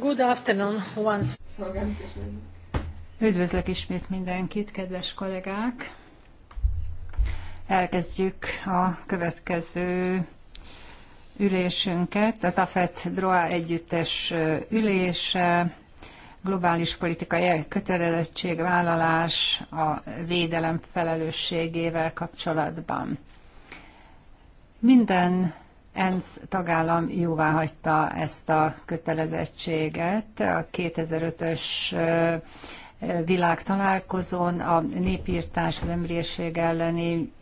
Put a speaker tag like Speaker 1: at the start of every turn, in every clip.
Speaker 1: Good afternoon once. Üdvözlök ismét mindenkit, kedves kollégák! Elkezdjük a következő ülésünket, az AFET DROA együttes ülése, globális politikai kötelezettségvállalás a védelem felelősségével kapcsolatban. Minden ENSZ tagállam jóvá hagyta ezt a kötelezettséget a 2005-ös világtalálkozón a népírtás, az emberiesség elleni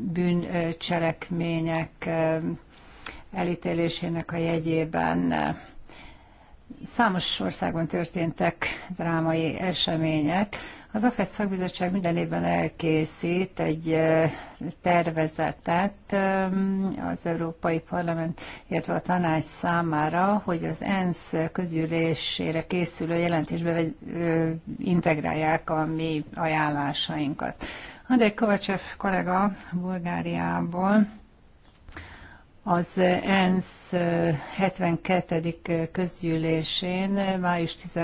Speaker 1: bűncselekmények elítélésének a jegyében számos országban történtek drámai események, az AFET szakbizottság minden évben elkészít egy tervezetet az Európai Parlament, illetve a tanács számára, hogy az ENSZ közgyűlésére készülő jelentésbe integrálják a mi ajánlásainkat. Andrej Kovacsev kollega Bulgáriából az ENSZ 72. közgyűlésén május 10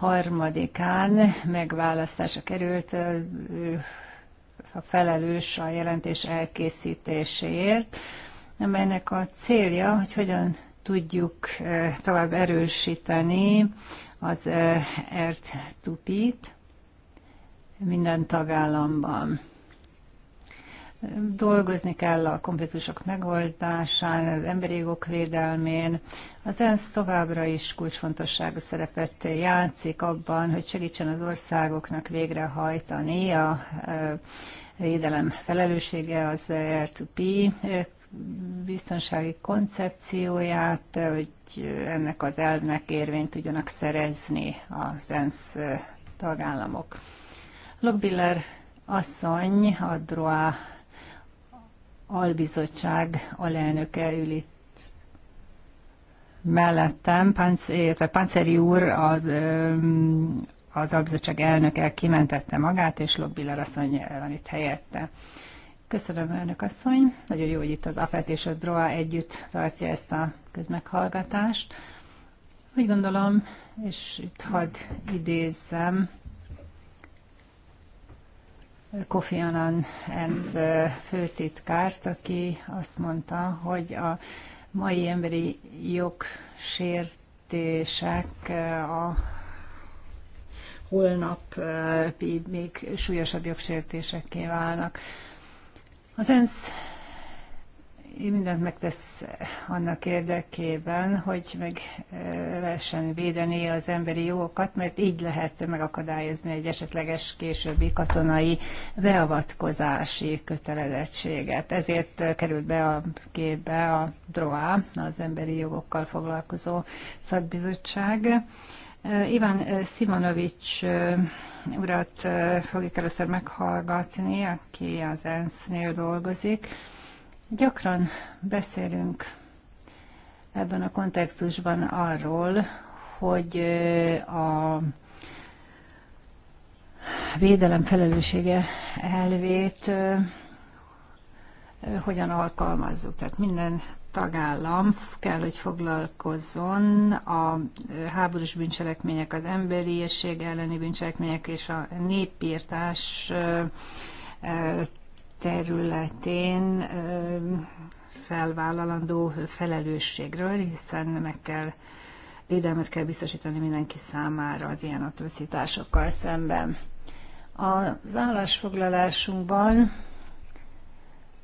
Speaker 1: harmadikán megválasztása került a felelős a jelentés elkészítéséért, amelynek a célja, hogy hogyan tudjuk tovább erősíteni az ERT-tupit minden tagállamban. Dolgozni kell a konfliktusok megoldásán, az emberi jogok védelmén. Az ENSZ továbbra is kulcsfontosságú szerepet játszik abban, hogy segítsen az országoknak végrehajtani a e, védelem felelőssége az e R2P e, biztonsági koncepcióját, hogy ennek az elvnek érvényt tudjanak szerezni az ENSZ tagállamok. Logbiller asszony a DROA albizottság alelnöke ül itt mellettem, Panceri úr az, az albizottság elnöke kimentette magát, és Lobbiller asszony van itt helyette. Köszönöm, elnök asszony. Nagyon jó, hogy itt az AFET és a DROA együtt tartja ezt a közmeghallgatást. Úgy gondolom, és itt hadd idézzem Kofi Annan ENSZ főtitkárt, aki azt mondta, hogy a mai emberi jogsértések a holnap még súlyosabb jogsértésekké válnak. Az ENSZ mindent megtesz annak érdekében, hogy meg lehessen védeni az emberi jogokat, mert így lehet megakadályozni egy esetleges későbbi katonai beavatkozási kötelezettséget. Ezért került be a képbe a DROA, az emberi jogokkal foglalkozó szakbizottság. Iván Szimonovics urat fogjuk először meghallgatni, aki az ENSZ-nél dolgozik Gyakran beszélünk ebben a kontextusban arról, hogy a védelem felelőssége elvét hogyan alkalmazzuk. Tehát minden tagállam kell, hogy foglalkozzon a háborús bűncselekmények, az emberiesség elleni bűncselekmények és a népírtás területén felvállalandó felelősségről, hiszen meg kell védelmet kell biztosítani mindenki számára az ilyen atrocitásokkal szemben. Az állásfoglalásunkban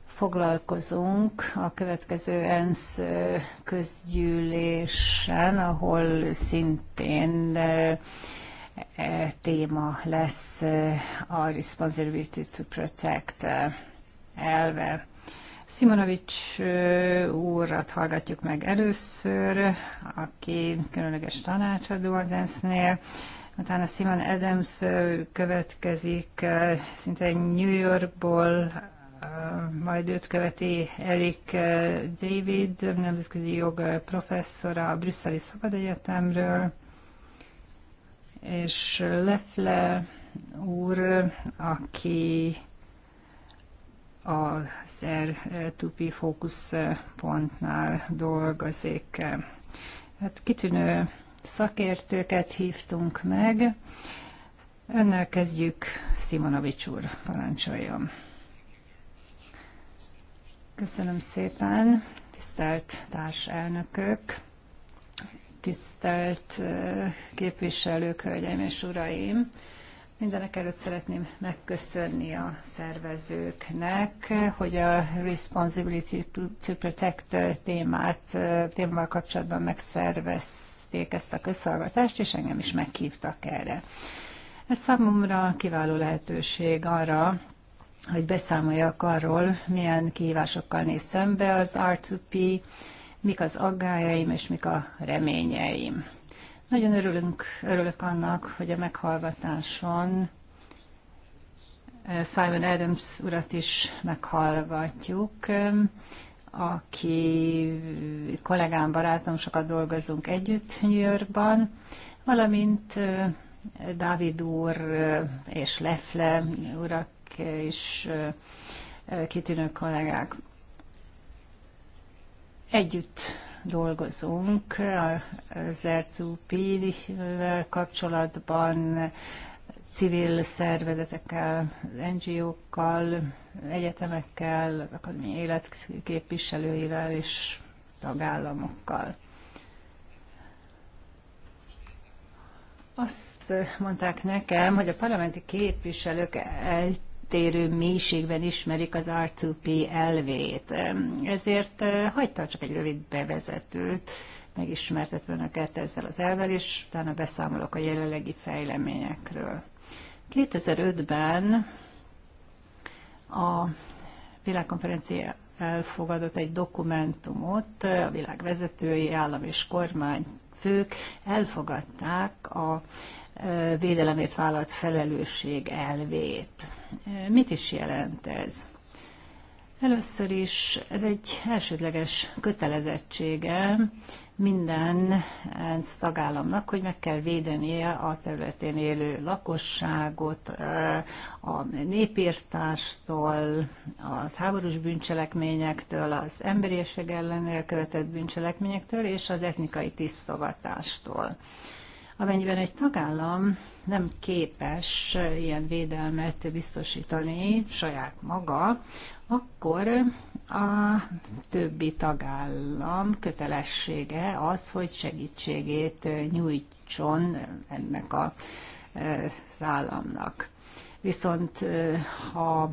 Speaker 1: foglalkozunk a következő ENSZ közgyűlésen, ahol szintén e, téma lesz a Responsibility to Protect elve. Simonovics úrat hallgatjuk meg először, aki különleges tanácsadó az ENSZ-nél, utána Simon Adams következik, szinte New Yorkból, majd őt követi Erik David, nemzetközi jog professzora a Brüsszeli Szabad Egyetemről, és Lefle úr, aki az R2P fókuszpontnál dolgozik. Hát kitűnő szakértőket hívtunk meg. Önnel kezdjük, Szimonovics úr, parancsoljon. Köszönöm szépen, tisztelt társelnökök, tisztelt eh, képviselők, hölgyeim és uraim! Mindenek előtt szeretném megköszönni a szervezőknek, hogy a Responsibility to Protect témát, témával kapcsolatban megszervezték ezt a közhallgatást, és engem is meghívtak erre. Ez számomra kiváló lehetőség arra, hogy beszámoljak arról, milyen kihívásokkal néz szembe az R2P, mik az aggájaim és mik a reményeim. Nagyon örülünk, örülök annak, hogy a meghallgatáson eh, Simon Adams urat is meghallgatjuk, eh, aki kollégám, barátom, sokat dolgozunk együtt New Yorkban, valamint eh, Dávid úr és Lefle urak is kitűnő kollégák. Együtt dolgozunk az R2P-vel kapcsolatban, civil szervezetekkel, NGO-kkal, egyetemekkel, az akadémiai életképviselőivel és tagállamokkal. Azt mondták nekem, hogy a parlamenti képviselők eltérő mélységben ismerik az R2P elvét. Ezért eh, hagytam csak egy rövid bevezetőt, megismertet önöket ezzel az elvel, és utána beszámolok a jelenlegi fejleményekről. 2005-ben a világkonferencia elfogadott egy dokumentumot, eh, a világ vezetői, állam és kormányfők elfogadták a eh, védelemért vállalt felelősség elvét. Mit is jelent ez? Először is ez egy elsődleges kötelezettsége minden ENSZ tagállamnak, hogy meg kell védenie a területén élő lakosságot, a népírtástól, az háborús bűncselekményektől, az emberiesség ellen elkövetett bűncselekményektől és az etnikai tisztogatástól. Amennyiben egy tagállam nem képes ilyen védelmet biztosítani saját maga, akkor a többi tagállam kötelessége az, hogy segítségét nyújtson ennek a, eh, az államnak. Viszont eh, ha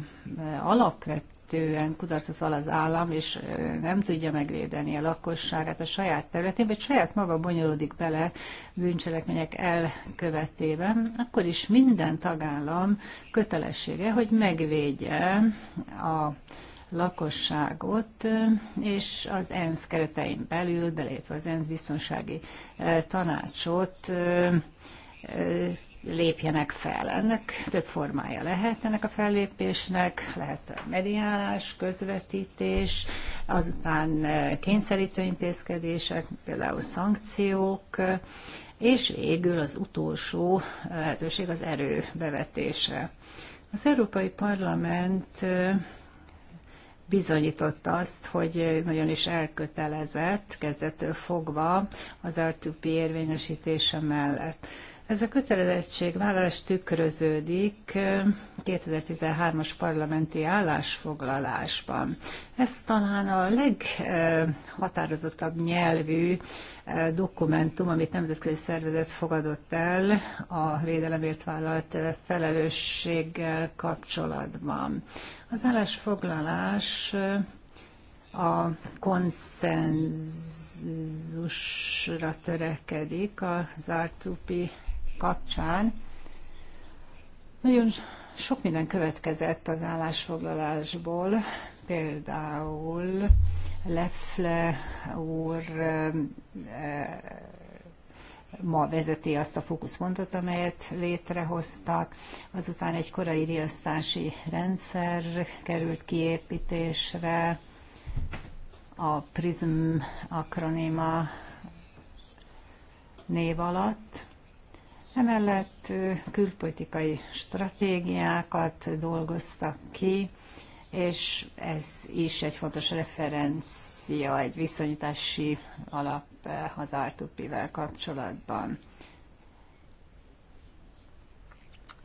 Speaker 1: alapvető alapvetően kudarcot val az állam, és nem tudja megvédeni a lakosságát a saját területén, vagy saját maga bonyolódik bele bűncselekmények elkövetében, akkor is minden tagállam kötelessége, hogy megvédje a lakosságot, és az ENSZ keretein belül, belépve az ENSZ biztonsági tanácsot, lépjenek fel. Ennek több formája lehet ennek a fellépésnek, lehet a mediálás, közvetítés, azután eh, kényszerítő intézkedések, például szankciók, eh, és végül az utolsó eh, lehetőség az erő bevetése. Az Európai Parlament bizonyította azt, hogy nagyon is elkötelezett, kezdettől fogva az R2P érvényesítése mellett. Ez a kötelezettség vállalás tükröződik 2013-as parlamenti állásfoglalásban. Ez talán a leghatározottabb nyelvű dokumentum, amit nemzetközi szervezet fogadott el a védelemért vállalt felelősséggel kapcsolatban. Az állásfoglalás a konszenzusra törekedik a zártúpi kapcsán. Nagyon sok minden következett az állásfoglalásból, például Lefle úr ma vezeti azt a fókuszpontot, amelyet létrehoztak. Azután egy korai riasztási rendszer került kiépítésre, a PRISM akronéma név alatt. Emellett külpolitikai stratégiákat dolgoztak ki, és ez is egy fontos referencia, egy viszonyítási alap az Artupivel kapcsolatban.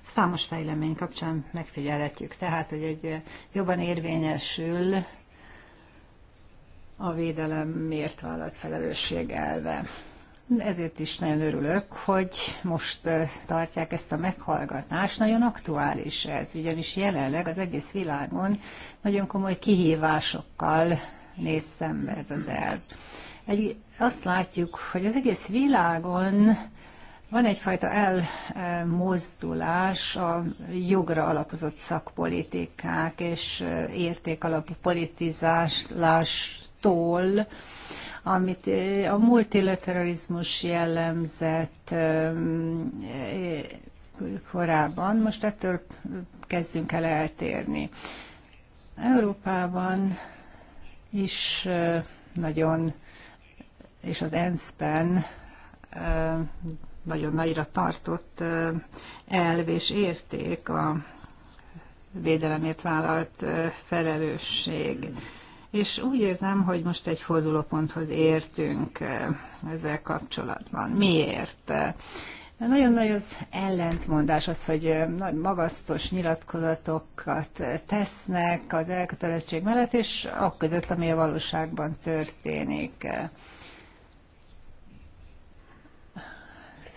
Speaker 1: Számos fejlemény kapcsán megfigyelhetjük, tehát, hogy egy jobban érvényesül a védelem vállalt felelősség elve. Ezért is nagyon örülök, hogy most tartják ezt a meghallgatást. Nagyon aktuális ez, ugyanis jelenleg az egész világon nagyon komoly kihívásokkal néz szembe ez az elv. Egy, azt látjuk, hogy az egész világon van egyfajta elmozdulás a jogra alapozott szakpolitikák és értékalapú politizálástól, amit eh, a multilateralizmus jellemzett eh, eh, korábban, most ettől kezdünk el eltérni. Európában is nagyon, és az ENSZ-ben nagyon nagyra tartott elv és érték a védelemért vállalt felelősség. Mm és úgy érzem, hogy most egy fordulóponthoz értünk eh, ezzel kapcsolatban. Miért? Eh, nagyon nagy az ellentmondás az, hogy eh, nagy magasztos nyilatkozatokat tesznek az elkötelezettség mellett, és akközött, ami a valóságban történik.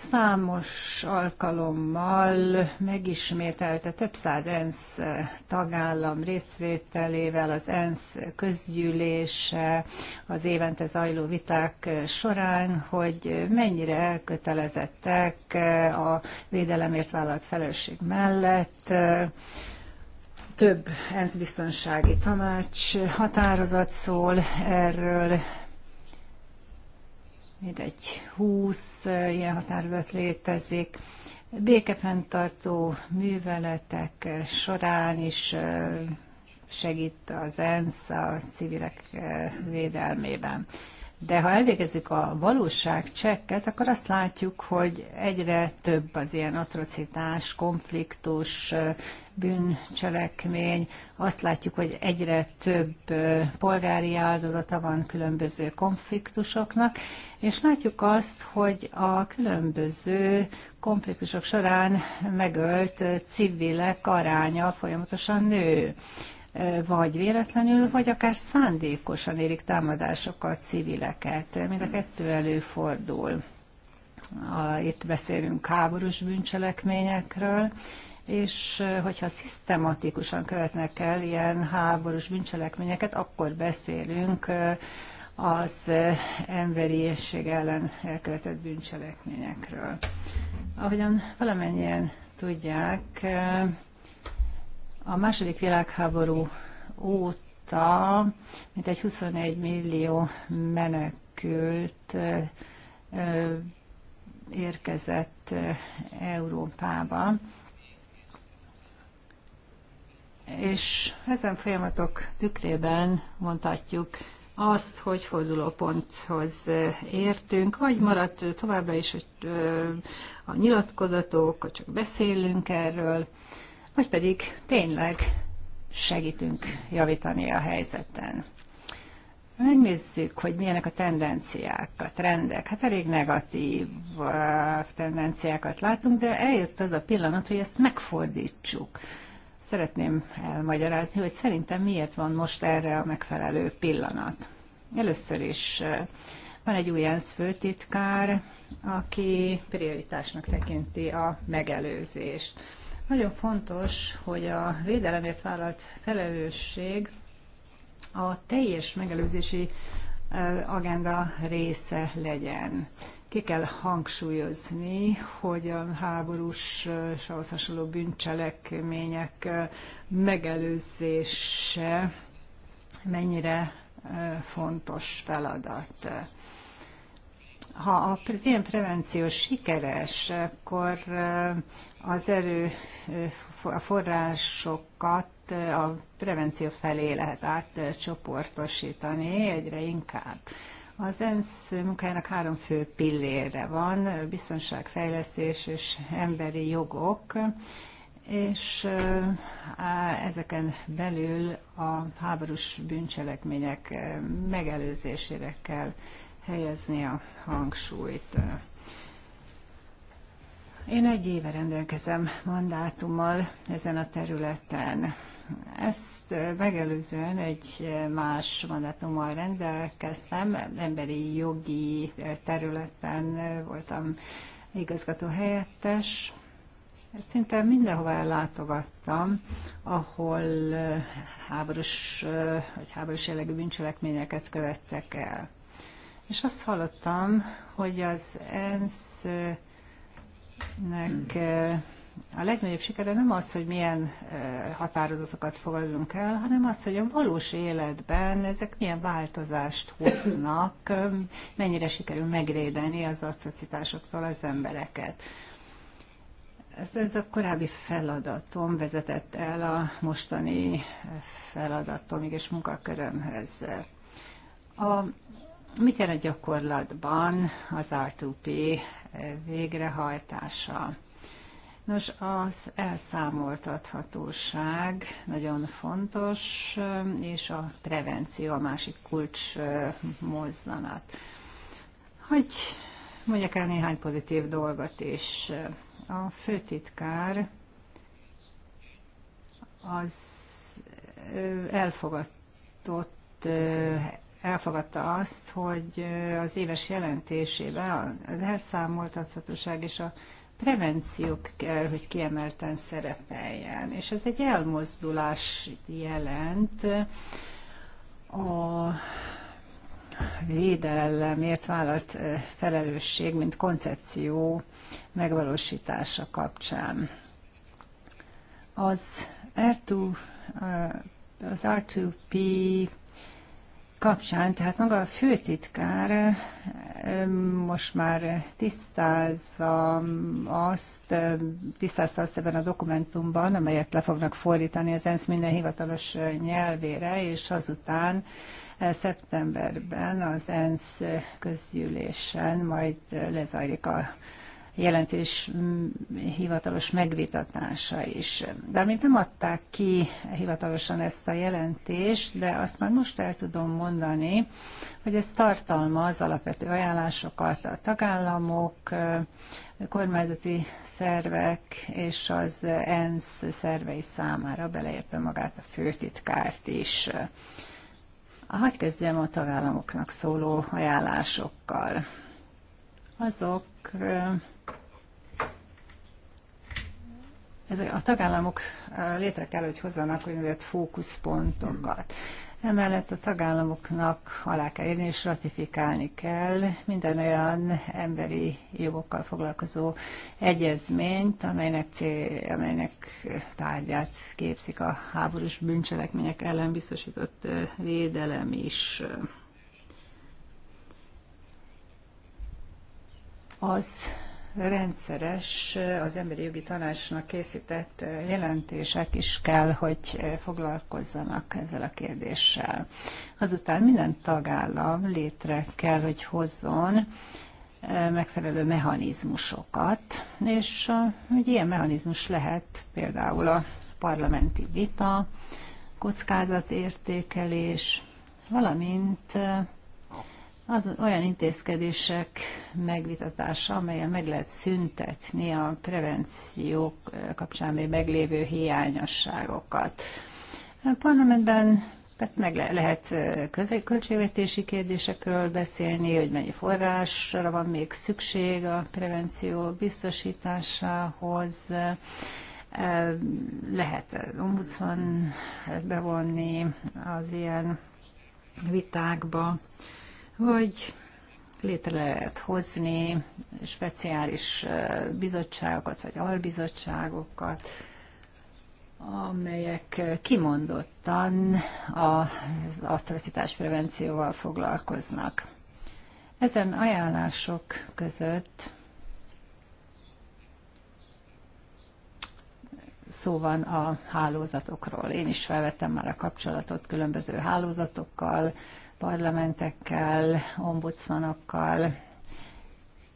Speaker 1: Számos alkalommal megismételte több száz ENSZ tagállam részvételével az ENSZ közgyűlése az évente zajló viták során, hogy mennyire elkötelezettek a védelemért vállalt felelősség mellett, több ENSZ biztonsági tanács határozat szól erről, mindegy 20 ilyen határozat létezik. Békefenntartó műveletek során is segít az ENSZ a civilek védelmében. De ha elvégezzük a valóság csekket, akkor azt látjuk, hogy egyre több az ilyen atrocitás, konfliktus, bűncselekmény. Azt látjuk, hogy egyre több polgári áldozata van különböző konfliktusoknak, és látjuk azt, hogy a különböző konfliktusok során megölt civilek aránya folyamatosan nő vagy véletlenül, vagy akár szándékosan érik a civileket. Mind a kettő előfordul. Itt beszélünk háborús bűncselekményekről, és hogyha szisztematikusan követnek el ilyen háborús bűncselekményeket, akkor beszélünk az emberiesség ellen elkövetett bűncselekményekről. Ahogyan valamennyien tudják, a második világháború óta mintegy 21 millió menekült érkezett Európába, és ezen folyamatok tükrében mondhatjuk azt, hogy fordulóponthoz értünk, vagy maradt továbbra is hogy a nyilatkozatok, hogy csak beszélünk erről, vagy pedig tényleg segítünk javítani a helyzeten. Megnézzük, hogy milyenek a tendenciák, a trendek. Hát elég negatív tendenciákat látunk, de eljött az a pillanat, hogy ezt megfordítsuk. Szeretném elmagyarázni, hogy szerintem miért van most erre a megfelelő pillanat. Először is eh, van egy új ENSZ főtitkár, aki prioritásnak tekinti a megelőzést. Nagyon fontos, hogy a védelemért vállalt felelősség a teljes megelőzési agenda része legyen. Ki kell hangsúlyozni, hogy a háborús és ahhoz hasonló bűncselekmények megelőzése mennyire fontos feladat. Ha a ilyen prevenció sikeres, akkor az erő a forrásokat Hát, a prevenció felé lehet átcsoportosítani egyre inkább. Az ENSZ munkájának három fő pillére van, biztonságfejlesztés és emberi jogok, és ezeken belül a háborús bűncselekmények megelőzésére kell helyezni a hangsúlyt. Én egy éve rendelkezem mandátummal ezen a területen. Ezt megelőzően egy más mandátummal rendelkeztem, emberi jogi területen voltam igazgató helyettes. Szinte mindenhova ellátogattam, ahol háborús, vagy háborús jellegű bűncselekményeket követtek el. És azt hallottam, hogy az ENSZ-nek a legnagyobb sikere nem az, hogy milyen határozatokat fogadunk el, hanem az, hogy a valós életben ezek milyen változást hoznak, mennyire sikerül megrédeni az atrocitásoktól az embereket. Ez, ez a korábbi feladatom vezetett el a mostani feladatom és munkakörömhöz. A, mi jelent gyakorlatban az R2P végrehajtása? Nos, az elszámoltathatóság nagyon fontos, és a prevenció a másik kulcs mozzanat. Hogy mondjak el néhány pozitív dolgot is. A főtitkár az elfogadott elfogadta azt, hogy az éves jelentésében az elszámoltathatóság és a prevenciók kell, hogy kiemelten szerepeljen, és ez egy elmozdulás jelent a védelemért vállalt felelősség, mint koncepció megvalósítása kapcsán. Az R2, az R2P kapcsán, tehát maga a főtitkár most már tisztázza azt, tisztázta azt ebben a dokumentumban, amelyet le fognak fordítani az ENSZ minden hivatalos nyelvére, és azután szeptemberben az ENSZ közgyűlésen majd lezajlik a jelentés mm, hivatalos megvitatása is. de még nem adták ki hivatalosan ezt a jelentést, de azt már most el tudom mondani, hogy ez tartalmaz alapvető ajánlásokat a tagállamok, kormányzati szervek és az ENSZ szervei számára, beleértve magát a főtitkárt is. Hadd kezdjem a tagállamoknak szóló ajánlásokkal. Azok ezek a tagállamok létre kell, hogy hozzanak úgynevezett fókuszpontokat. Emellett a tagállamoknak alá kell érni és ratifikálni kell minden olyan emberi jogokkal foglalkozó egyezményt, amelynek, cél, amelynek tárgyát képzik a háborús bűncselekmények ellen biztosított védelem is. Az rendszeres az Emberi Jogi Tanácsnak készített jelentések is kell, hogy foglalkozzanak ezzel a kérdéssel. Azután minden tagállam létre kell, hogy hozzon e, megfelelő mechanizmusokat, és egy ilyen mechanizmus lehet például a parlamenti vita, kockázatértékelés, valamint e, az olyan intézkedések megvitatása, amelyen meg lehet szüntetni a prevenció kapcsán még meglévő hiányosságokat. A parlamentben tehát meg le- lehet költségvetési kérdésekről beszélni, hogy mennyi forrásra van még szükség a prevenció biztosításához, lehet ombudsman bevonni az ilyen vitákba hogy létre lehet hozni speciális bizottságokat vagy albizottságokat, amelyek kimondottan az atrocitás prevencióval foglalkoznak. Ezen ajánlások között szó van a hálózatokról. Én is felvettem már a kapcsolatot különböző hálózatokkal, parlamentekkel, ombudsmanokkal,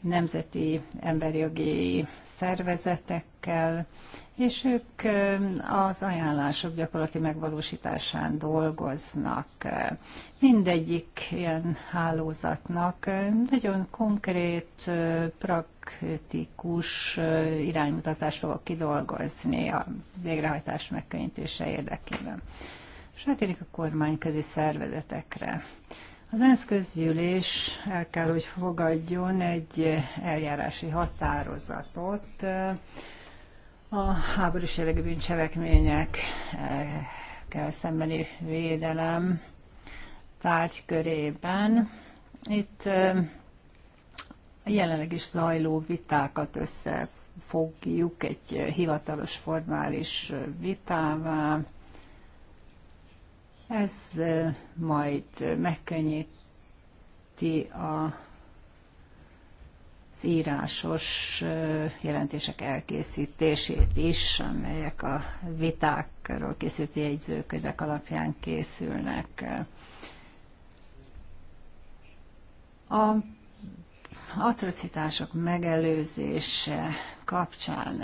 Speaker 1: nemzeti emberjogi szervezetekkel, és ők az ajánlások gyakorlati megvalósításán dolgoznak. Mindegyik ilyen hálózatnak nagyon konkrét, praktikus iránymutatást fogok kidolgozni a végrehajtás megkönnyítése érdekében. És átérjük a kormányközi szervezetekre. Az ENSZ közgyűlés el kell, hogy fogadjon egy eljárási határozatot eh, a háborús jellegű bűncselekményekkel szembeni védelem tárgykörében. Itt a eh, jelenleg is zajló vitákat összefogjuk egy hivatalos formális vitává, ez majd megkönnyíti a az írásos jelentések elkészítését is, amelyek a vitákról készült jegyzőkönyvek alapján készülnek. A atrocitások megelőzése kapcsán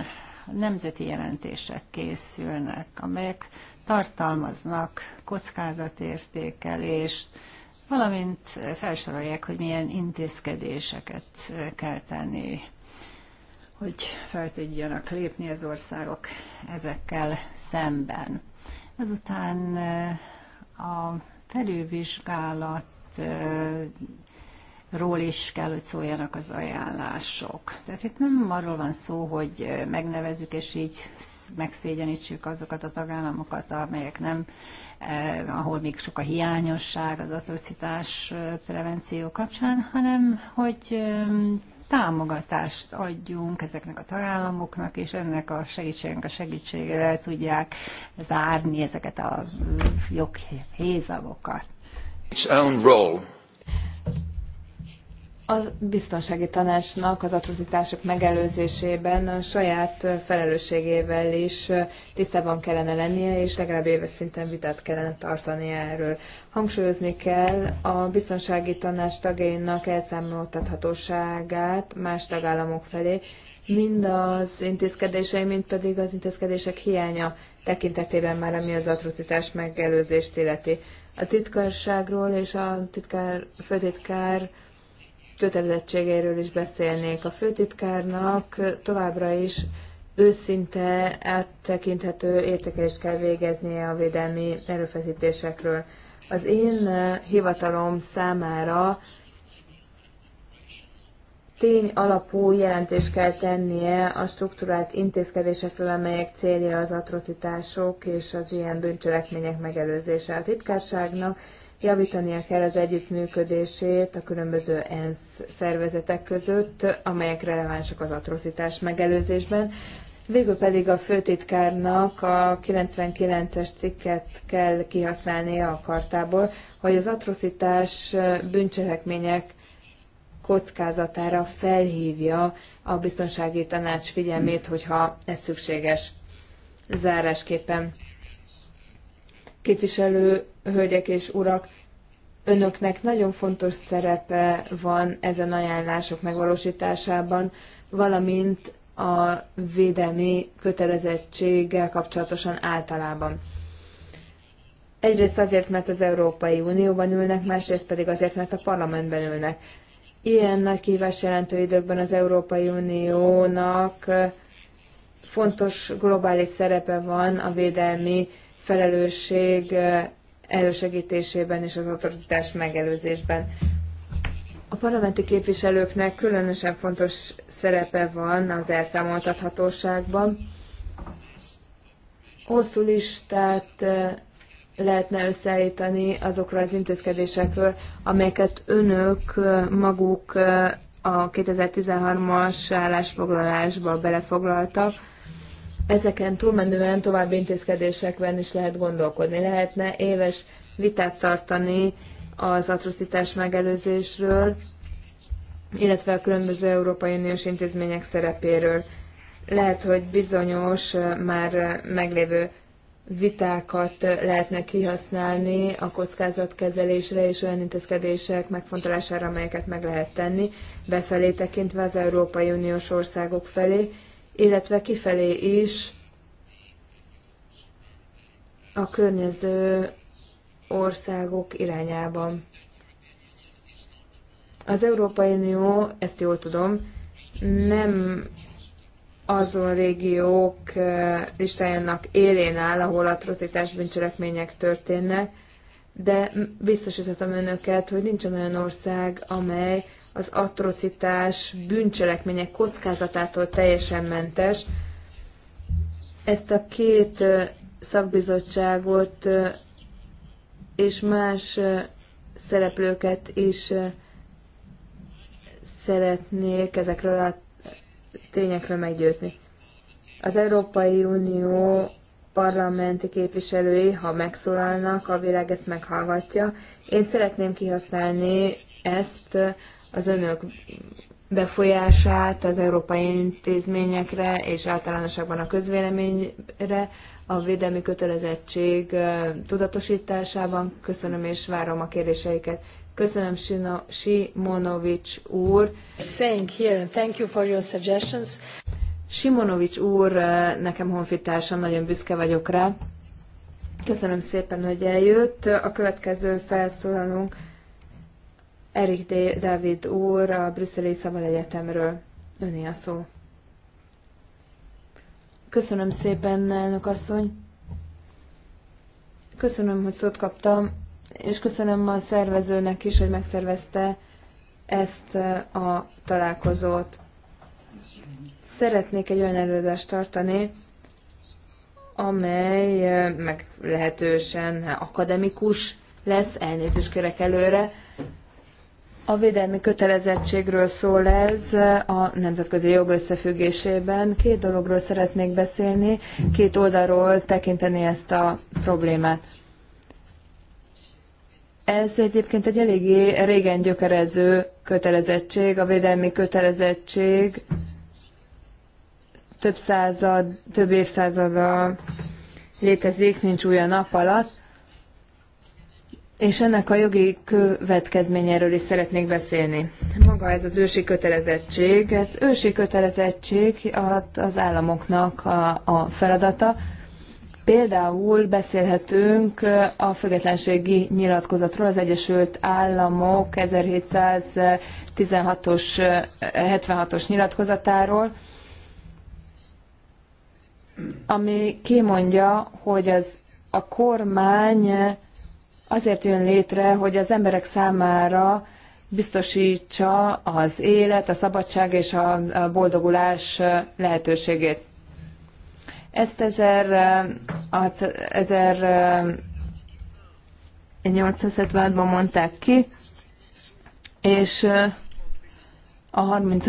Speaker 1: nemzeti jelentések készülnek, amelyek tartalmaznak kockázatértékelést, valamint felsorolják, hogy milyen intézkedéseket kell tenni, hogy fel tudjanak lépni az országok ezekkel szemben. Ezután eh, a felülvizsgálatról is kell, hogy szóljanak az ajánlások. Tehát itt nem arról van szó, hogy eh, megnevezük és így megszégyenítsük azokat a tagállamokat, amelyek nem, eh, ahol még sok a hiányosság az atrocitás eh, prevenció kapcsán, hanem hogy eh, támogatást adjunk ezeknek a tagállamoknak, és ennek a segítségnek a segítségére tudják zárni ezeket a eh, joghézagokat
Speaker 2: a biztonsági tanácsnak az atrocitások megelőzésében a saját felelősségével is tisztában kellene lennie, és legalább éves szinten vitát kellene tartania erről. Hangsúlyozni kell a biztonsági tanács tagjainak elszámoltathatóságát más tagállamok felé, mind az intézkedései, mind pedig az intézkedések hiánya tekintetében már, ami az atrocitás megelőzést illeti. A titkárságról és a titkár, főtitkár kötelezettségeiről is beszélnék. A főtitkárnak továbbra is őszinte, áttekinthető értékelést kell végeznie a védelmi erőfeszítésekről. Az én hivatalom számára tény alapú jelentést kell tennie a struktúrált intézkedésekről, amelyek célja az atrocitások és az ilyen bűncselekmények megelőzése. A titkárságnak javítania kell az együttműködését a különböző ENSZ szervezetek között, amelyek relevánsak az atrocitás megelőzésben. Végül pedig a főtitkárnak a 99-es cikket kell kihasználnia a kartából, hogy az atrocitás bűncselekmények kockázatára felhívja a biztonsági tanács figyelmét, hogyha ez szükséges. Zárásképpen. Képviselő hölgyek és urak, önöknek nagyon fontos szerepe van ezen ajánlások megvalósításában, valamint a védelmi kötelezettséggel kapcsolatosan általában. Egyrészt azért, mert az Európai Unióban ülnek, másrészt pedig azért, mert a parlamentben ülnek. Ilyen nagy kívás jelentő időkben az Európai Uniónak fontos globális szerepe van a védelmi felelősség elősegítésében és az autoritás megelőzésben. A parlamenti képviselőknek különösen fontos szerepe van az elszámoltathatóságban. Hosszú listát lehetne összeállítani azokra az intézkedésekről, amelyeket önök maguk a 2013-as állásfoglalásba belefoglaltak, Ezeken túlmenően további intézkedésekben is lehet gondolkodni. Lehetne éves vitát tartani az atrocitás megelőzésről, illetve a különböző Európai Uniós intézmények szerepéről. Lehet, hogy bizonyos már meglévő vitákat lehetne kihasználni a kockázatkezelésre és olyan intézkedések megfontolására, amelyeket meg lehet tenni, befelé tekintve az Európai Uniós országok felé, illetve kifelé is a környező országok irányában. Az Európai Unió, ezt jól tudom, nem azon régiók eh, listájának élén áll, ahol atrocitás bűncselekmények történnek, de biztosíthatom önöket, hogy nincs olyan ország, amely az atrocitás bűncselekmények kockázatától teljesen mentes. Ezt a két szakbizottságot és más szereplőket is szeretnék ezekről a tényekről meggyőzni. Az Európai Unió parlamenti képviselői, ha megszólalnak, a világ ezt meghallgatja. Én szeretném kihasználni ezt az önök befolyását az európai intézményekre és általánosságban a közvéleményre a védelmi kötelezettség tudatosításában. Köszönöm és várom a kérdéseiket. Köszönöm Simonovics úr. Saying here, thank you for your suggestions. Simonovics úr, nekem honfitársam, nagyon büszke vagyok rá. Köszönöm szépen, hogy eljött. A következő felszólalunk Erik D. David úr a Brüsszeli Szabad Egyetemről. Öné a szó. Köszönöm szépen, elnök asszony. Köszönöm, hogy szót kaptam, és köszönöm a szervezőnek is, hogy megszervezte ezt eh, a találkozót. Szeretnék egy olyan előadást tartani, amely eh, meglehetősen akademikus lesz, elnézést kérek előre, a védelmi kötelezettségről szól ez a nemzetközi jog összefüggésében. Két dologról szeretnék beszélni, két oldalról tekinteni ezt a problémát. Ez egyébként egy eléggé régen gyökerező kötelezettség, a védelmi kötelezettség több század, több évszázada létezik, nincs új a nap alatt és ennek a jogi következményéről is szeretnék beszélni. Maga ez az ősi kötelezettség, ez ősi kötelezettség az államoknak a, a feladata. Például beszélhetünk a függetlenségi nyilatkozatról az Egyesült Államok 1716-os 76-os nyilatkozatáról, ami kimondja, hogy az a kormány azért jön létre, hogy az emberek számára biztosítsa az élet, a szabadság és a boldogulás lehetőségét. Ezt 1870 ban mondták ki, és a 30.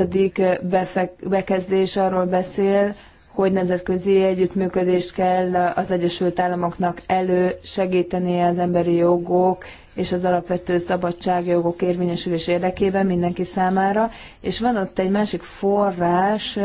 Speaker 2: bekezdés arról beszél, hogy nemzetközi együttműködést kell az Egyesült Államoknak elősegítenie az emberi jogok és az alapvető szabadságjogok érvényesülés érdekében mindenki számára, és van ott egy másik forrás,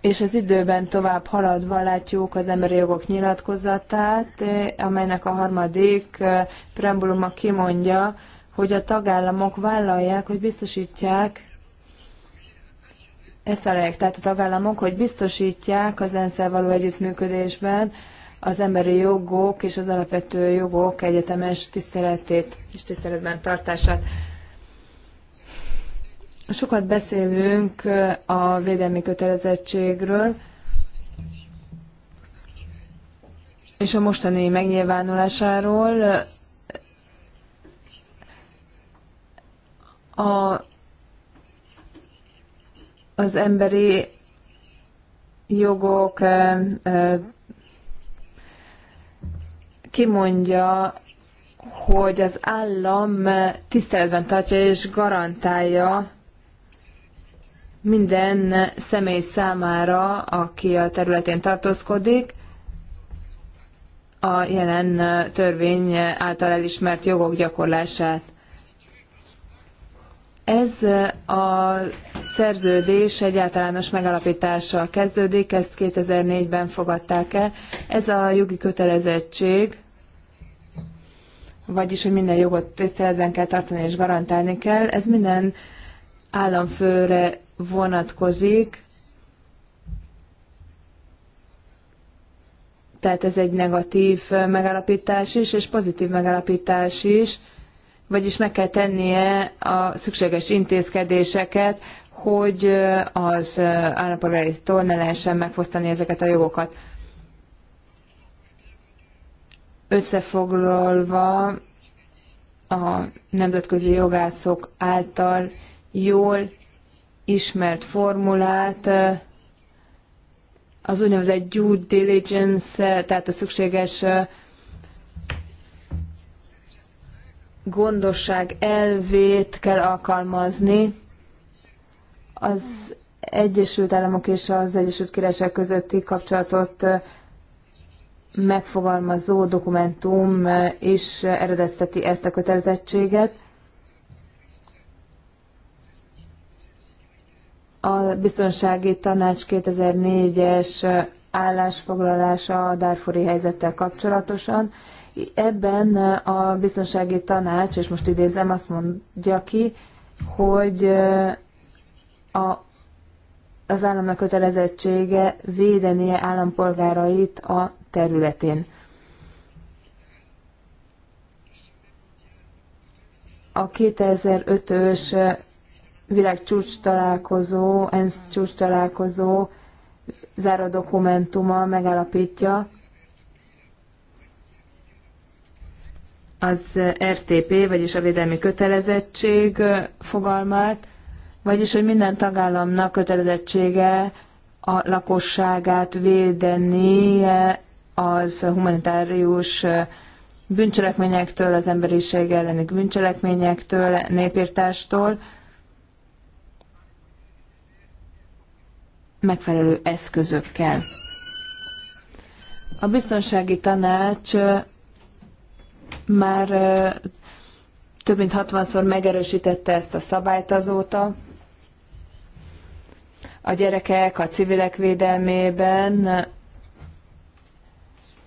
Speaker 2: és az időben tovább haladva látjuk az emberi jogok nyilatkozatát, amelynek a harmadik eh, preambuluma kimondja, hogy a tagállamok vállalják, hogy biztosítják ezt vállalják, tehát a tagállamok, hogy biztosítják az ensz való együttműködésben az emberi jogok és az alapvető jogok egyetemes tiszteletét és tiszteletben tartását. Sokat beszélünk a védelmi kötelezettségről, és a mostani megnyilvánulásáról a, az emberi jogok kimondja, hogy az állam tiszteletben tartja és garantálja minden személy számára, aki a területén tartózkodik, a jelen törvény által elismert jogok gyakorlását. Ez a szerződés egy általános megalapítással kezdődik, ezt 2004-ben fogadták el. Ez a jogi kötelezettség, vagyis, hogy minden jogot tiszteletben kell tartani és garantálni kell, ez minden államfőre vonatkozik, tehát ez egy negatív megalapítás is, és pozitív megalapítás is, vagyis meg kell tennie a szükséges intézkedéseket, hogy az állampolgárisztól ne lehessen megfosztani ezeket a jogokat. Összefoglalva a nemzetközi jogászok által jól ismert formulát, az úgynevezett due diligence, tehát a szükséges gondosság elvét kell alkalmazni az Egyesült Államok és az Egyesült Királyság közötti kapcsolatot megfogalmazó dokumentum is eredezteti ezt a kötelezettséget. A biztonsági tanács 2004-es állásfoglalása a Darfuri helyzettel kapcsolatosan Ebben a biztonsági tanács, és most idézem, azt mondja ki, hogy a, az államnak kötelezettsége védenie állampolgárait a területén. A 2005-ös világcsúcs találkozó, ENSZ csúcs találkozó záró dokumentuma megállapítja, az RTP, vagyis a védelmi kötelezettség fogalmát, vagyis hogy minden tagállamnak kötelezettsége a lakosságát védeni az humanitárius bűncselekményektől, az emberiség elleni bűncselekményektől, népírtástól megfelelő eszközökkel. A biztonsági tanács már több mint 60-szor megerősítette ezt a szabályt azóta. A gyerekek a civilek védelmében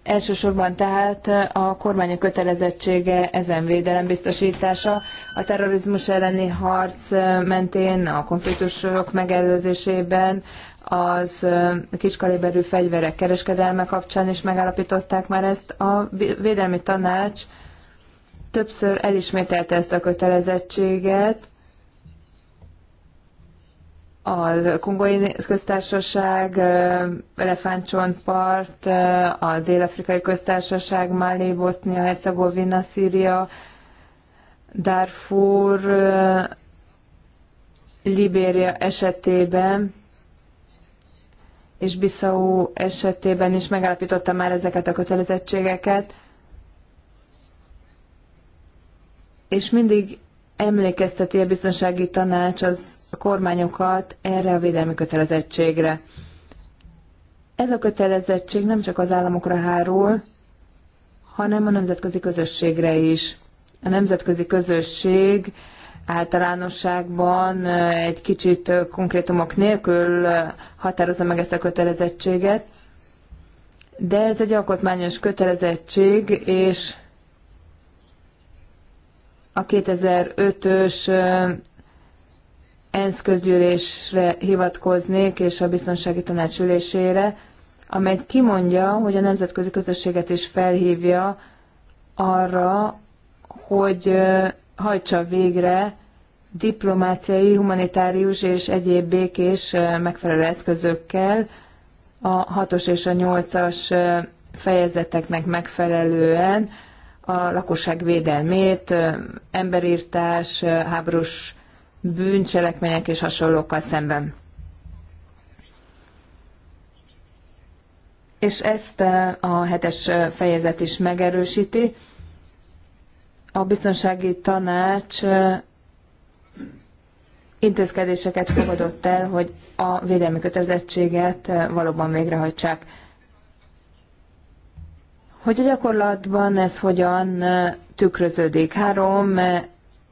Speaker 2: Elsősorban tehát a kormány kötelezettsége ezen védelem biztosítása, a terrorizmus elleni harc mentén, a konfliktusok megelőzésében, az kiskaliberű fegyverek kereskedelme kapcsán is megállapították már ezt. A Védelmi Tanács többször elismételte ezt a kötelezettséget, a Kongói Köztársaság, Elefántcsontpart, a Dél-Afrikai Köztársaság, Mali, Bosznia, Hercegovina, Szíria, Darfur, Libéria esetében és Bissau esetében is megállapította már ezeket a kötelezettségeket. és mindig emlékezteti a biztonsági tanács az a kormányokat erre a védelmi kötelezettségre. Ez a kötelezettség nem csak az államokra hárul, hanem a nemzetközi közösségre is. A nemzetközi közösség általánosságban egy kicsit konkrétumok nélkül határozza meg ezt a kötelezettséget, de ez egy alkotmányos kötelezettség, és a 2005-ös ENSZ közgyűlésre hivatkoznék, és a biztonsági tanács ülésére, amely kimondja, hogy a nemzetközi közösséget is felhívja arra, hogy hajtsa végre diplomáciai, humanitárius és egyéb békés megfelelő eszközökkel a 6-os és a 8-as fejezeteknek megfelelően a lakosság védelmét, emberírtás, háborús bűncselekmények és hasonlókkal szemben. És ezt a hetes fejezet is megerősíti. A biztonsági tanács intézkedéseket fogadott el, hogy a védelmi kötelezettséget valóban végrehajtsák. Hogy a gyakorlatban ez hogyan tükröződik? Három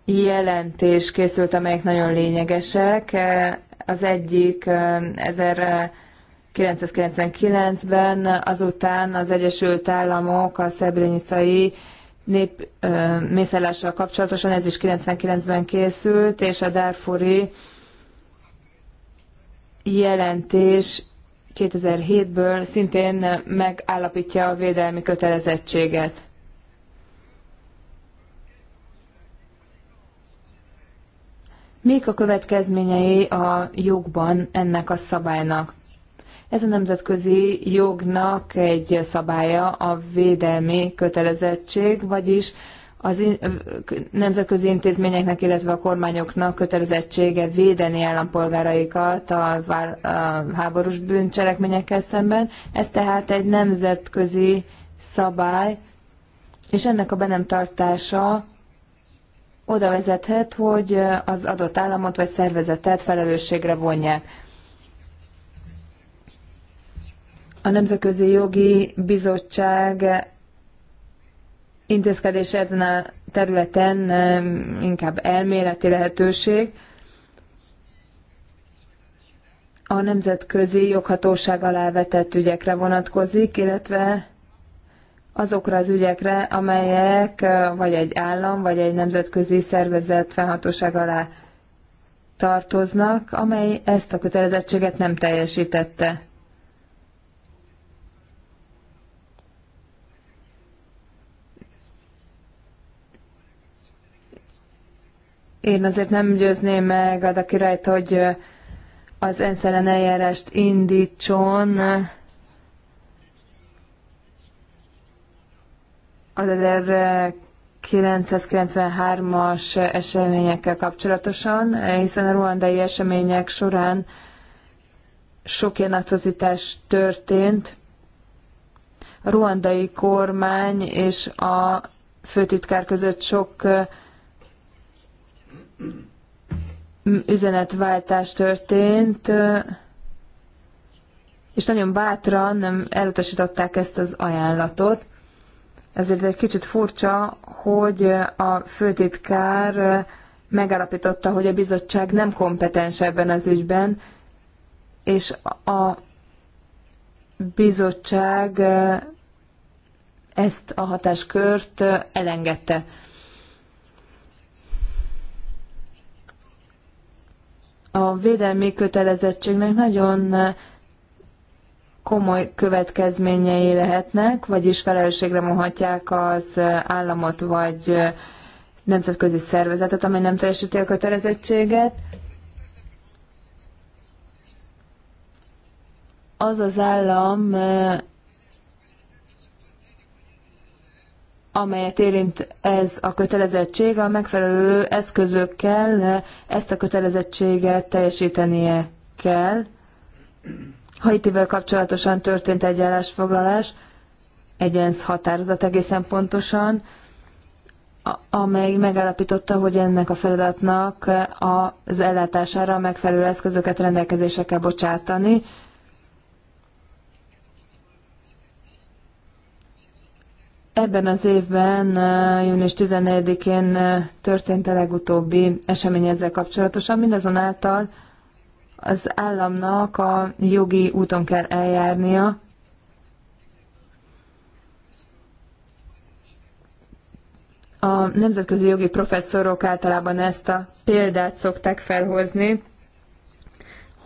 Speaker 2: jelentés készült, amelyek nagyon lényegesek. Az egyik 1999-ben, azután az Egyesült Államok a szebrenicai nép kapcsolatosan, ez is 99-ben készült, és a Darfuri jelentés 2007-ből szintén megállapítja a védelmi kötelezettséget. Mik a következményei a jogban ennek a szabálynak? Ez a nemzetközi jognak egy szabálya a védelmi kötelezettség, vagyis az nemzetközi intézményeknek, illetve a kormányoknak kötelezettsége védeni állampolgáraikat a, háborús bűncselekményekkel szemben. Ez tehát egy nemzetközi szabály, és ennek a benemtartása tartása oda vezethet, hogy az adott államot vagy szervezetet felelősségre vonják. A Nemzetközi Jogi Bizottság intézkedés ezen a területen inkább elméleti lehetőség. A nemzetközi joghatóság alá vetett ügyekre vonatkozik, illetve azokra az ügyekre, amelyek vagy egy állam, vagy egy nemzetközi szervezet felhatóság alá tartoznak, amely ezt a kötelezettséget nem teljesítette. Én azért nem győzném meg az a királyt, hogy az enszelen eljárást indítson. Az 1993-as eseményekkel kapcsolatosan, hiszen a ruandai események során sok ilyen atrocitás történt. A ruandai kormány és a főtitkár között sok üzenetváltás történt, és nagyon bátran nem elutasították ezt az ajánlatot. Ezért egy kicsit furcsa, hogy a főtitkár megállapította, hogy a bizottság nem kompetens ebben az ügyben, és a bizottság ezt a hatáskört elengedte. a védelmi kötelezettségnek nagyon eh, komoly következményei lehetnek, vagyis felelősségre mohatják az eh, államot vagy eh, nemzetközi szervezetet, amely nem teljesíti a kötelezettséget. Az az állam amelyet érint ez a kötelezettség, a megfelelő eszközökkel ezt a kötelezettséget teljesítenie kell. Haitivel kapcsolatosan történt egy állásfoglalás, egy ENSZ határozat egészen pontosan, amely megállapította, hogy ennek a feladatnak az ellátására megfelelő eszközöket rendelkezésre kell bocsátani. Ebben az évben, június 14-én történt a legutóbbi esemény ezzel kapcsolatosan, mindazonáltal az államnak a jogi úton kell eljárnia, A nemzetközi jogi professzorok általában ezt a példát szokták felhozni,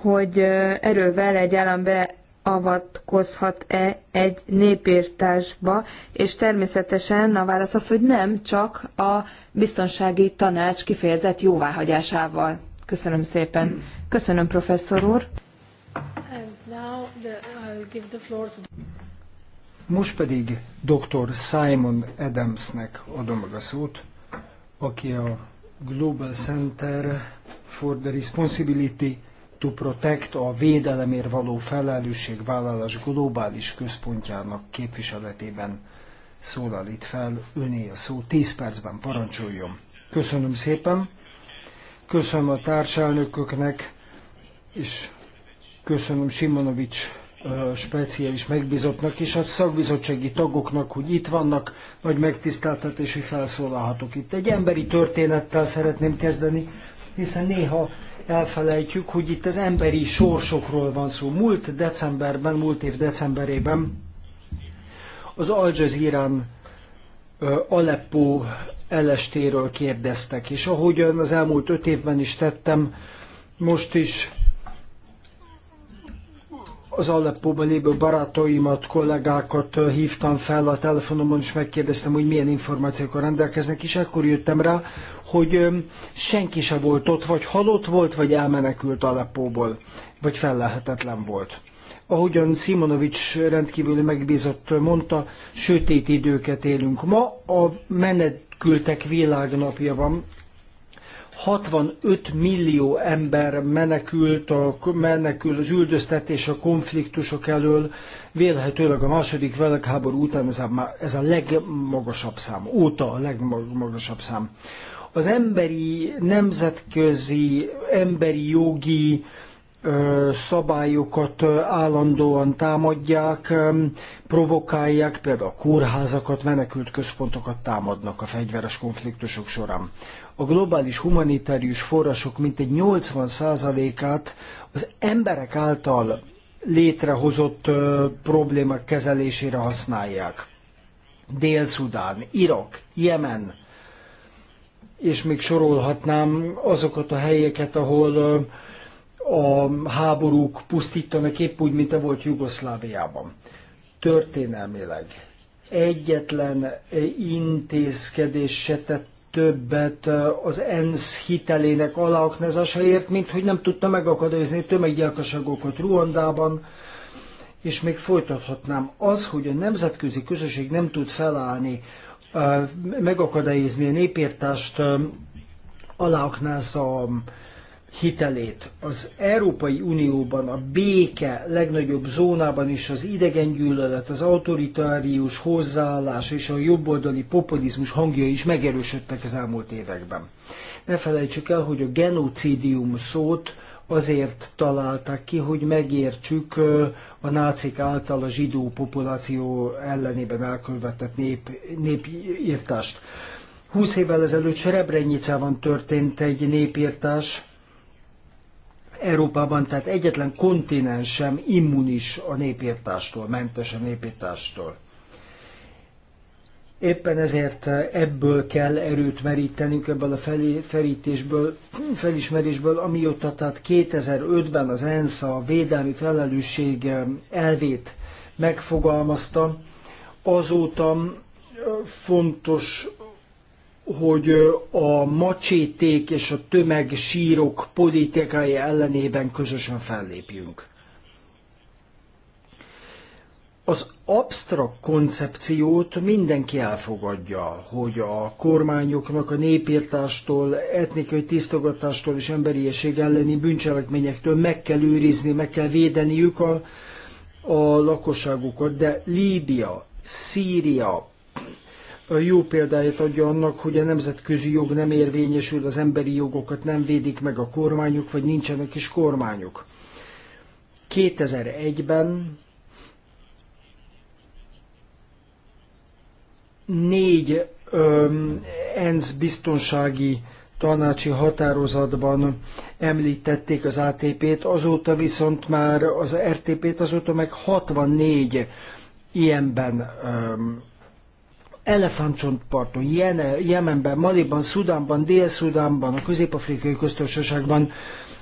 Speaker 2: hogy erővel egy állam be avatkozhat e egy népírtásba, és természetesen a válasz az, hogy nem, csak a biztonsági tanács kifejezett jóváhagyásával.
Speaker 3: Köszönöm szépen. Köszönöm, professzor úr. Most pedig dr. Simon Adamsnek adom meg a szót, aki a Global Center for the Responsibility to Protect a védelemért való felelősségvállalás globális központjának képviseletében szólal itt fel. Öné a szó, 10 percben parancsoljon. Köszönöm szépen, köszönöm a társelnököknek, és köszönöm Simonovics speciális megbizottnak és a szakbizottsági tagoknak, hogy itt vannak, nagy megtiszteltetés, hogy felszólalhatok itt. Egy emberi történettel szeretném kezdeni, hiszen néha elfelejtjük, hogy itt az emberi sorsokról van szó. Múlt decemberben, múlt év decemberében az Al Jazeera-n Aleppo elestéről kérdeztek, és ahogyan az elmúlt öt évben is tettem, most is az Aleppóban lévő barátaimat, kollégákat hívtam fel a telefonomon, és megkérdeztem, hogy milyen információkkal rendelkeznek, és ekkor jöttem rá, hogy senki se volt ott, vagy halott volt, vagy elmenekült Aleppóból, vagy fellehetetlen volt. Ahogyan Simonovics rendkívül megbízott mondta, sötét időket élünk. Ma a menekültek világnapja van, 65 millió ember menekült a, menekül az üldöztetés a konfliktusok elől, vélhetőleg a második világháború után ez a, ez a legmagasabb szám, óta a legmagasabb szám. Az emberi, nemzetközi, emberi jogi szabályokat állandóan támadják, provokálják, például a kórházakat, menekült központokat támadnak a fegyveres konfliktusok során. A globális humanitárius források mintegy 80%-át az emberek által létrehozott problémák kezelésére használják. Dél-Szudán, Irak, Jemen, és még sorolhatnám azokat a helyeket, ahol a háborúk pusztítanak épp úgy, mint a volt Jugoszláviában. Történelmileg egyetlen intézkedés se tett többet az ENSZ hitelének aláaknázásaért, mint hogy nem tudta megakadályozni tömeggyilkosságokat Ruandában, és még folytathatnám. Az, hogy a nemzetközi közösség nem tud felállni megakadályozni a népírtást, aláaknázza a hitelét. Az Európai Unióban a béke legnagyobb zónában is az gyűlölet, az autoritárius hozzáállás és a jobboldali populizmus hangja is megerősödtek az elmúlt években. Ne felejtsük el, hogy a genocidium szót azért találták ki, hogy megértsük a nácik által a zsidó populáció ellenében elkövetett nép, népírtást. Húsz évvel ezelőtt Srebrenicában történt egy népírtás, Európában, tehát egyetlen kontinens sem immunis a népírtástól, mentes a népírtástól. Éppen ezért eh, ebből kell erőt merítenünk, ebből a felítésből, felismerésből, amióta tehát 2005-ben az ENSZ a védelmi felelősség eh, elvét megfogalmazta, azóta eh, fontos, hogy a macséték és a tömegsírok politikai ellenében közösen fellépjünk. Az absztrakt koncepciót mindenki elfogadja, hogy a kormányoknak a népírtástól, etnikai tisztogatástól és emberiesség elleni bűncselekményektől meg kell őrizni, meg kell védeniük a, a lakosságukat, de Líbia, Szíria a jó példáját adja annak, hogy a nemzetközi jog nem érvényesül, az emberi jogokat nem védik meg a kormányok, vagy nincsenek is kormányok. 2001-ben négy ENSZ biztonsági tanácsi határozatban említették az ATP-t, azóta viszont már az RTP-t, azóta meg 64 ilyenben um, elefántcsontparton, Jemenben, Maliban, Szudánban, Dél-Szudánban, a Közép-Afrikai Köztársaságban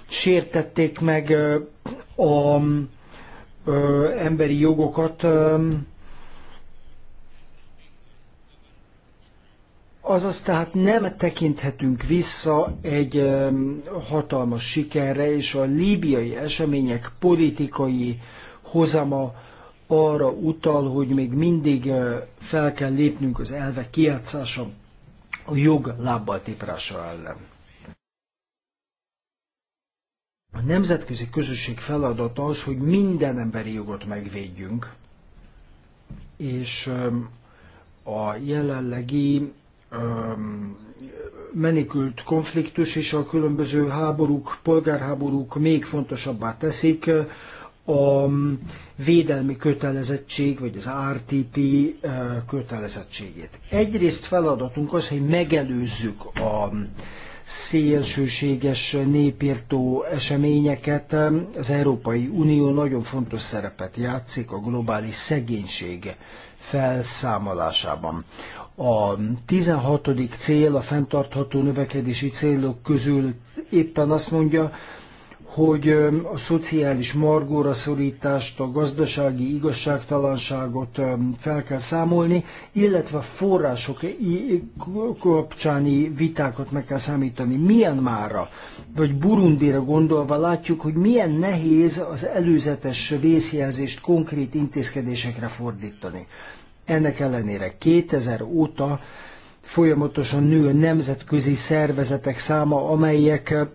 Speaker 3: sértették meg a, emberi jogokat. Ö, Azaz tehát nem tekinthetünk vissza egy hatalmas sikerre, és a líbiai események politikai hozama arra utal, hogy még mindig fel kell lépnünk az elvek kiátszása, a jog lábbal tiprása ellen. A nemzetközi közösség feladata az, hogy minden emberi jogot megvédjünk, és a jelenlegi menekült konfliktus és a különböző háborúk, polgárháborúk még fontosabbá teszik. A mm, védelmi kötelezettség, vagy az RTP kötelezettségét. Egyrészt feladatunk az, hogy megelőzzük a mm, szélsőséges népírtó eseményeket. Az Európai Unió nagyon fontos szerepet játszik a globális szegénység felszámolásában. A 16. cél a fenntartható növekedési célok közül éppen azt mondja, hogy a szociális margóra szorítást, a gazdasági igazságtalanságot fel kell számolni, illetve források kapcsáni vitákat meg kell számítani. Milyen mára, vagy Burundira gondolva látjuk, hogy milyen nehéz az előzetes vészjelzést konkrét intézkedésekre fordítani. Ennek ellenére 2000 óta folyamatosan nő a nemzetközi szervezetek száma, amelyek eh,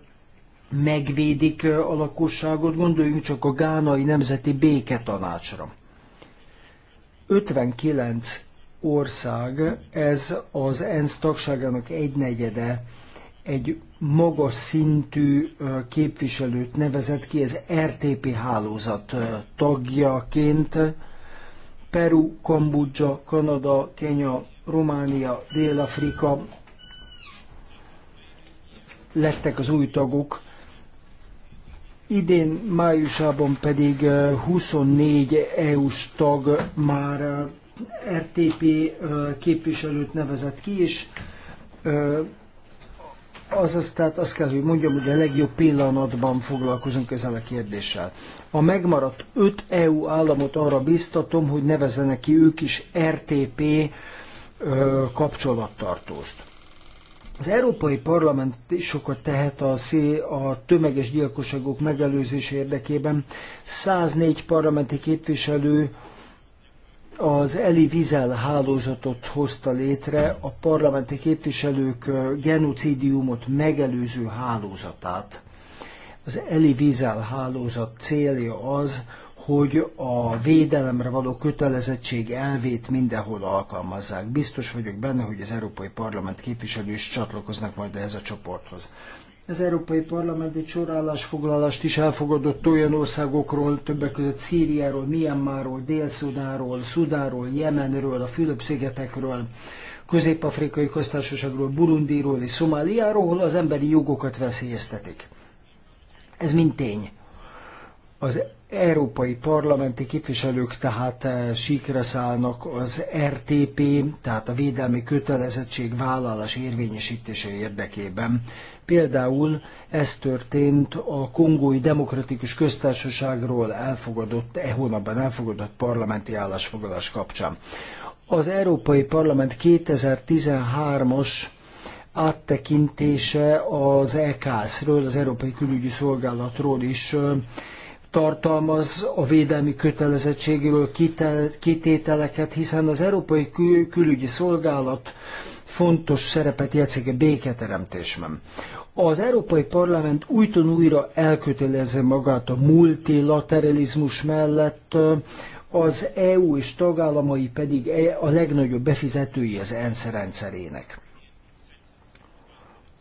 Speaker 3: megvédik eh, a lakosságot, gondoljunk csak a Gánai Nemzeti Béketanácsra. 59 ország, ez az ENSZ tagságának egynegyede, egy magas szintű eh, képviselőt nevezett ki, ez RTP hálózat tagjaként, Peru, Kambodzsa, Kanada, Kenya, Románia, Dél-Afrika lettek az új tagok. Idén májusában pedig 24 eh, EU-s tag már eh, RTP eh, képviselőt nevezett ki, és azaz, tehát azt kell, hogy mondjam, hogy a legjobb pillanatban foglalkozunk ezzel a kérdéssel. A megmaradt öt EU államot arra biztatom, hogy nevezzenek ki ők is RTP er kapcsolattartóst. Az Európai Parlament sokat tehet a, szé, a tömeges gyilkosságok megelőzése érdekében. 104 parlamenti képviselő az Eli Wiesel hálózatot hozta létre, a parlamenti képviselők genocidiumot megelőző hálózatát. Az Eli Wiesel hálózat célja az, hogy a védelemre való kötelezettség elvét mindenhol alkalmazzák. Biztos vagyok benne, hogy az Európai Parlament képviselői is csatlakoznak majd ehhez a csoporthoz. Az Európai Parlament egy sorállásfoglalást is elfogadott olyan országokról, többek között Szíriáról, Myanmarról, dél szudáról Szudáról, Jemenről, a Fülöp-szigetekről, Közép-Afrikai Köztársaságról, Burundiról és Szomáliáról, ahol az emberi jogokat veszélyeztetik. Ez mind tény. Az európai parlamenti képviselők tehát eh, síkra szállnak az RTP, tehát a védelmi kötelezettség vállalás érvényesítése érdekében. Például ez történt a Kongói Demokratikus Köztársaságról elfogadott, e hónapban elfogadott parlamenti állásfoglalás kapcsán. Az Európai Parlament 2013-as áttekintése az EKS-ről, az Európai Külügyi Szolgálatról is tartalmaz a védelmi kötelezettségről kitételeket, hiszen az Európai Külügyi Szolgálat fontos szerepet játszik a béketeremtésben. Az Európai Parlament újton újra elkötelezi magát a multilateralizmus mellett, az EU és tagállamai pedig e, a legnagyobb befizetői az ENSZ e rendszerének.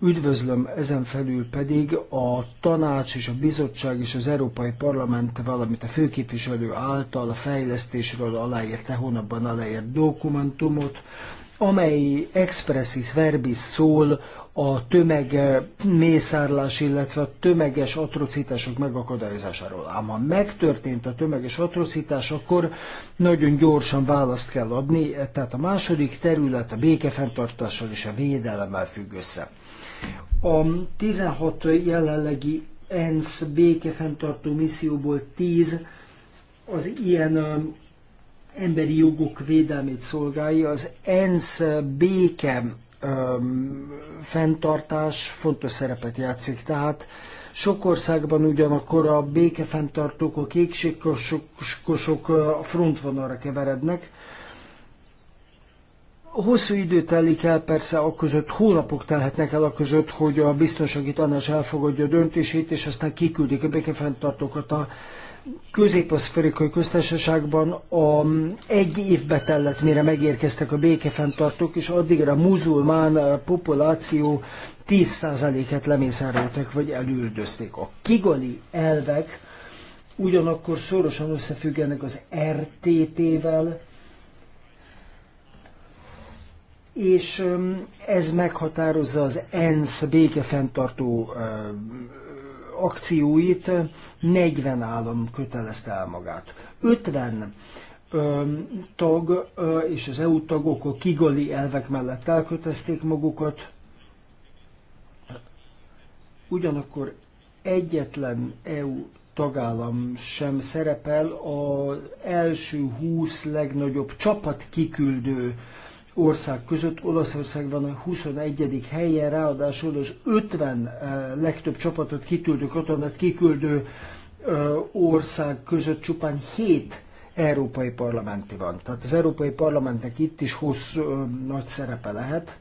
Speaker 3: Üdvözlöm ezen felül pedig a tanács és a bizottság és az Európai Parlament, valamint a főképviselő által a fejlesztésről aláírt, hónapban aláírt dokumentumot, amely expressis verbis szól a tömeg mészárlás, illetve a tömeges atrocitások megakadályozásáról. Ám ha megtörtént a tömeges atrocitás, akkor nagyon gyorsan választ kell adni, tehát a második terület a békefenntartással és a védelemmel függ össze. A 16 jelenlegi ENSZ békefenntartó misszióból 10 az ilyen um, emberi jogok védelmét szolgálja. Az ENSZ béke um, fenntartás fontos szerepet játszik. Tehát sok országban ugyanakkor a békefenntartók, a kékségkosok a uh, frontvonalra keverednek, Hosszú idő telik el persze a között, hónapok telhetnek el a között, hogy a biztonsági tanács elfogadja a döntését, és aztán kiküldik a békefenntartókat a közép-aszfrikai köztársaságban a, mm, egy évbe tellett, mire megérkeztek a békefenntartók, és addigra a muzulmán eh, populáció 10%-et lemészároltak, vagy elüldözték. A kigali elvek ugyanakkor szorosan összefüggenek az RTT-vel, és ez meghatározza az ENSZ békefenntartó akcióit, 40 állam kötelezte el magát. 50 tag és az EU tagok a kigali elvek mellett elkötezték magukat, ugyanakkor egyetlen EU tagállam sem szerepel az első 20 legnagyobb csapat kiküldő ország között Olaszország van a 21. helyen, ráadásul az 50 eh, legtöbb csapatot kitüldő katonát kiküldő eh, ország között csupán 7 európai parlamenti van. Tehát az európai parlamentnek itt is hosszú eh, nagy szerepe lehet.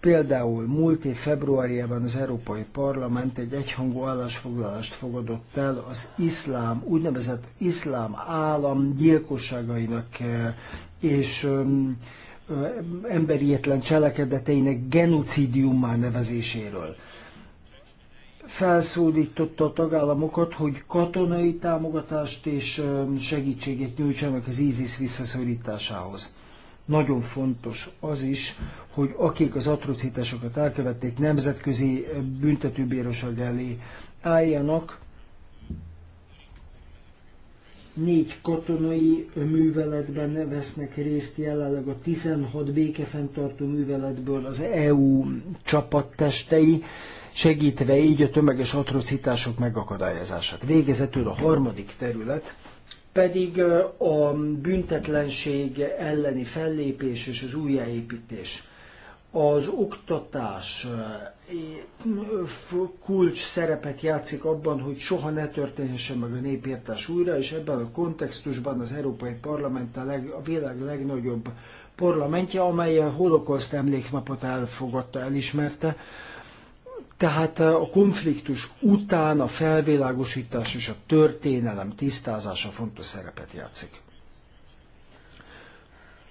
Speaker 3: Például múlt év februárjában az Európai Parlament egy egyhangú állásfoglalást fogadott el az iszlám, úgynevezett iszlám állam gyilkosságainak és emberietlen cselekedeteinek genocidiummá nevezéséről. Felszólította a tagállamokat, hogy katonai támogatást és segítséget nyújtsanak az ISIS visszaszorításához. Nagyon fontos az is, hogy akik az atrocitásokat elkövették, nemzetközi büntetőbíróság elé álljanak, négy katonai műveletben vesznek részt jelenleg a 16 békefenntartó műveletből az EU csapattestei, segítve így a tömeges atrocitások megakadályozását. Végezetül a harmadik terület pedig a büntetlenség elleni fellépés és az újjáépítés. Az oktatás, kulcs szerepet játszik abban, hogy soha ne történhessen meg a népírtás újra, és ebben a kontextusban az Európai Parlament a, leg, a világ legnagyobb parlamentje, amely a holokauszt emléknapot elfogadta, elismerte. Tehát a konfliktus után a felvilágosítás és a történelem tisztázása fontos szerepet játszik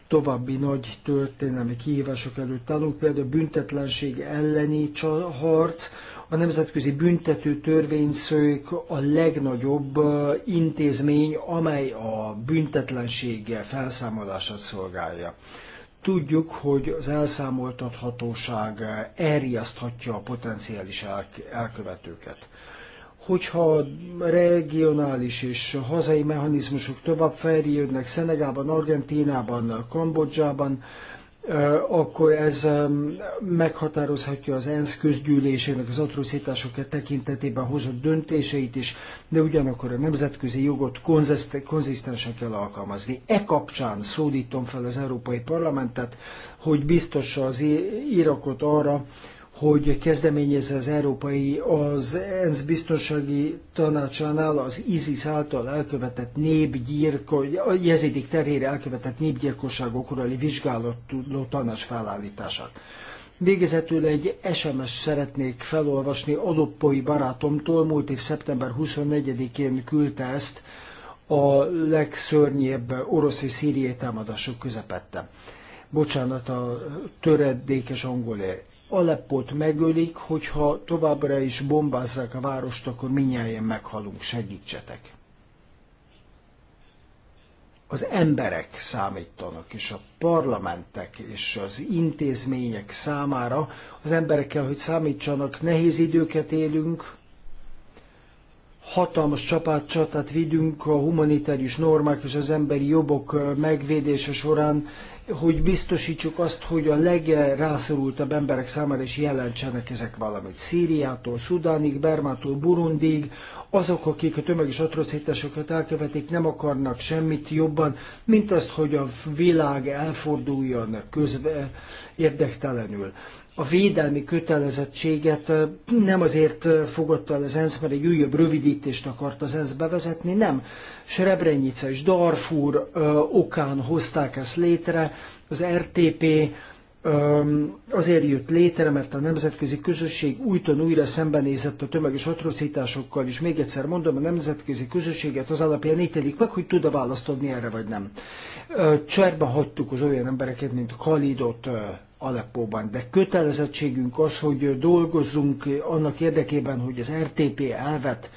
Speaker 3: további nagy történelmi kihívások előtt állunk, például a büntetlenség elleni harc, a Nemzetközi Büntető Törvényszők a legnagyobb intézmény, amely a büntetlenség felszámolását szolgálja. Tudjuk, hogy az elszámoltathatóság elriaszthatja a potenciális elkövetőket hogyha a regionális és hazai mechanizmusok tovább fejlődnek Szenegában, Argentínában, Kambodzsában, akkor ez meghatározhatja az ENSZ közgyűlésének az atrocitások tekintetében hozott döntéseit is, de ugyanakkor a nemzetközi jogot konzisztensen kell alkalmazni. E kapcsán szólítom fel az Európai Parlamentet, hogy biztossa az Irakot arra, hogy kezdeményezze az európai, az ENSZ biztonsági tanácsánál az ISIS által elkövetett a jezidik terhére elkövetett népgyilkosságok urali vizsgálató tanács felállítását. Végezetül egy SMS szeretnék felolvasni Adoppoi barátomtól, múlt év szeptember 24-én küldte ezt a legszörnyebb orosz és szíriai támadások közepette. Bocsánat a töredékes angol Aleppot megölik, hogyha továbbra is bombázzák a várost, akkor minnyáján meghalunk, segítsetek. Az emberek számítanak, és a parlamentek és az intézmények számára az emberekkel, hogy számítsanak, nehéz időket élünk, hatalmas csapát, csatát vidünk a humanitárius normák és az emberi jobbok megvédése során, hogy biztosítsuk azt, hogy a legrászorultabb emberek számára is jelentsenek ezek valamit. Szíriától, Szudánig, Bermától, Burundig, azok, akik a tömeges atrocitásokat elkövetik, nem akarnak semmit jobban, mint azt, hogy a világ elforduljon közve érdektelenül a védelmi kötelezettséget nem azért fogadta el az ENSZ, mert egy újabb rövidítést akart az ENSZ bevezetni, nem. Srebrenica és Darfur okán hozták ezt létre, az RTP azért jött létre, mert a nemzetközi közösség újton újra szembenézett a tömeges atrocitásokkal, és még egyszer mondom, a nemzetközi közösséget az alapján ítélik meg, hogy tud-e választodni erre, vagy nem. Cserben hagytuk az olyan embereket, mint Khalidot, Aleppóban. De kötelezettségünk az, hogy dolgozzunk annak érdekében, hogy az RTP elvet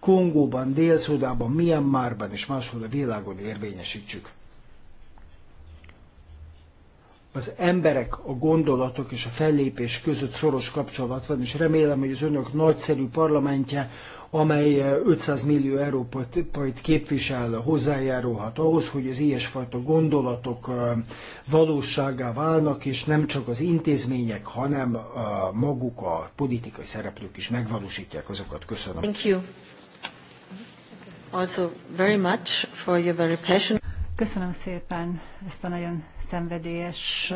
Speaker 3: Kongóban, Dél-Szudában, Myanmarban és máshol a világon érvényesítsük az emberek, a gondolatok és a fellépés között szoros kapcsolat van, és remélem, hogy az önök nagyszerű parlamentje, amely 500 eh, millió európait képvisel, hozzájárulhat ahhoz, hogy az ilyesfajta gondolatok eh, valóságá válnak, és nem csak az intézmények, hanem a eh, maguk a politikai szereplők is megvalósítják azokat. Köszönöm. Thank
Speaker 4: you. Also very much for your very passion.
Speaker 1: Köszönöm szépen ezt a nagyon szenvedélyes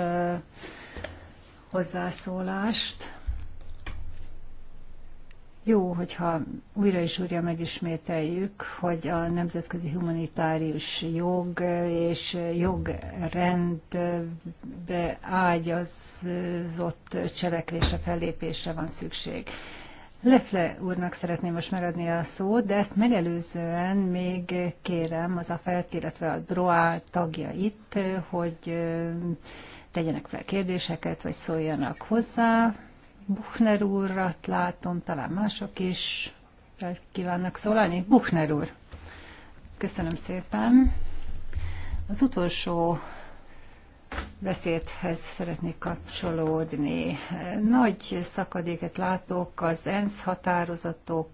Speaker 1: hozzászólást. Jó, hogyha újra és újra megismételjük, hogy a nemzetközi humanitárius jog és jogrendbe ágyazott cselekvése, fellépése van szükség. Lefle úrnak szeretném most megadni a szót, de ezt megelőzően még kérem az a felt, illetve a DROA tagjait, hogy tegyenek fel kérdéseket, vagy szóljanak hozzá. Buchner úrat látom, talán mások is kívánnak szólani. Buchner úr, köszönöm szépen. Az utolsó beszédhez szeretnék kapcsolódni. Nagy szakadéket látok az ENSZ határozatok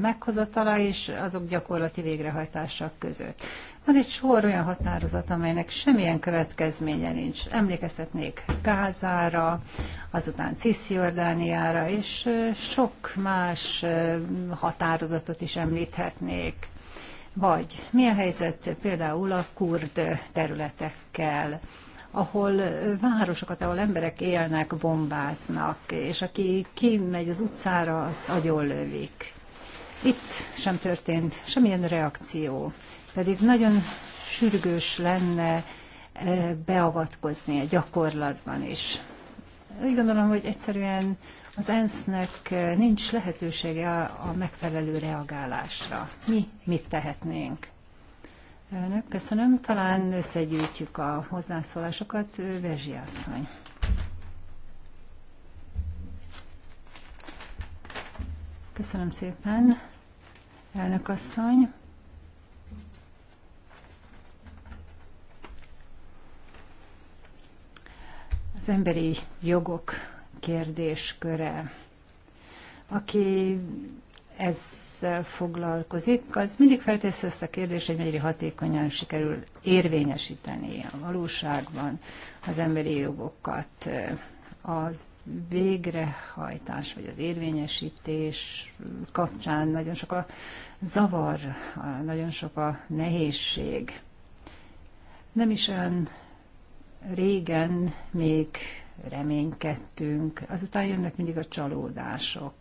Speaker 1: meghozatala és azok gyakorlati végrehajtása között. Van egy sor olyan határozat, amelynek semmilyen következménye nincs. Emlékeztetnék Gázára, azután Cisziordániára, és sok más határozatot is említhetnék. Vagy mi a helyzet például a kurd területekkel? ahol városokat, ahol emberek élnek, bombáznak, és aki kimegy az utcára, azt agyonlövik. Itt sem történt semmilyen reakció, pedig nagyon sürgős lenne beavatkozni a gyakorlatban is. Úgy gondolom, hogy egyszerűen az ENSZ-nek nincs lehetősége a megfelelő reagálásra. Mi mit tehetnénk? Önök, köszönöm. Talán összegyűjtjük a hozzászólásokat. Vezsi asszony. Köszönöm szépen, elnök asszony. Az emberi jogok kérdésköre. Aki ez foglalkozik, az mindig feltesz ezt a kérdést, hogy mennyire hatékonyan sikerül érvényesíteni a valóságban az emberi jogokat, az végrehajtás vagy az érvényesítés kapcsán nagyon sok a zavar, nagyon sok a nehézség. Nem is olyan régen még reménykedtünk, azután jönnek mindig a csalódások,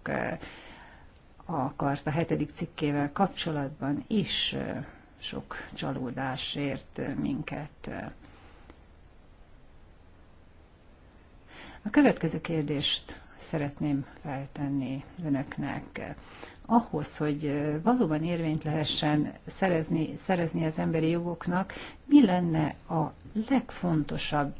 Speaker 1: a hetedik cikkével kapcsolatban is sok csalódásért minket. A következő kérdést szeretném feltenni önöknek ahhoz, hogy valóban érvényt lehessen szerezni, szerezni az emberi jogoknak, mi lenne a legfontosabb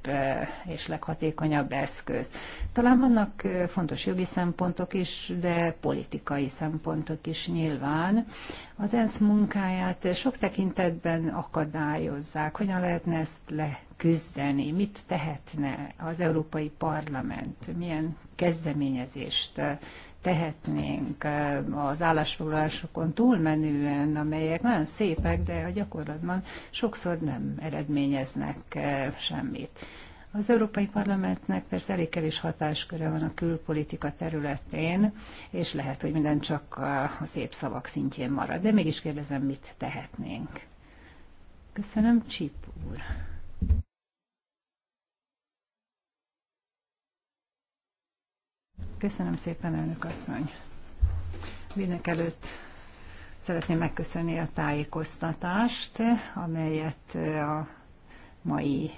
Speaker 1: és leghatékonyabb eszköz? Talán vannak fontos jogi szempontok is, de politikai szempontok is nyilván. Az ENSZ munkáját sok tekintetben akadályozzák. Hogyan lehetne ezt leküzdeni? Mit tehetne az Európai Parlament? Milyen kezdeményezést tehetnénk eh, az állásfoglalásokon túlmenően, amelyek nagyon szépek, de a gyakorlatban sokszor nem eredményeznek eh, semmit. Az Európai Parlamentnek persze elég kevés hatásköre van a külpolitika területén, és lehet, hogy minden csak a szép szavak szintjén marad, de mégis kérdezem, mit tehetnénk. Köszönöm, Csip úr. Köszönöm szépen, elnök asszony. Mindenek előtt szeretném megköszönni a tájékoztatást, amelyet a mai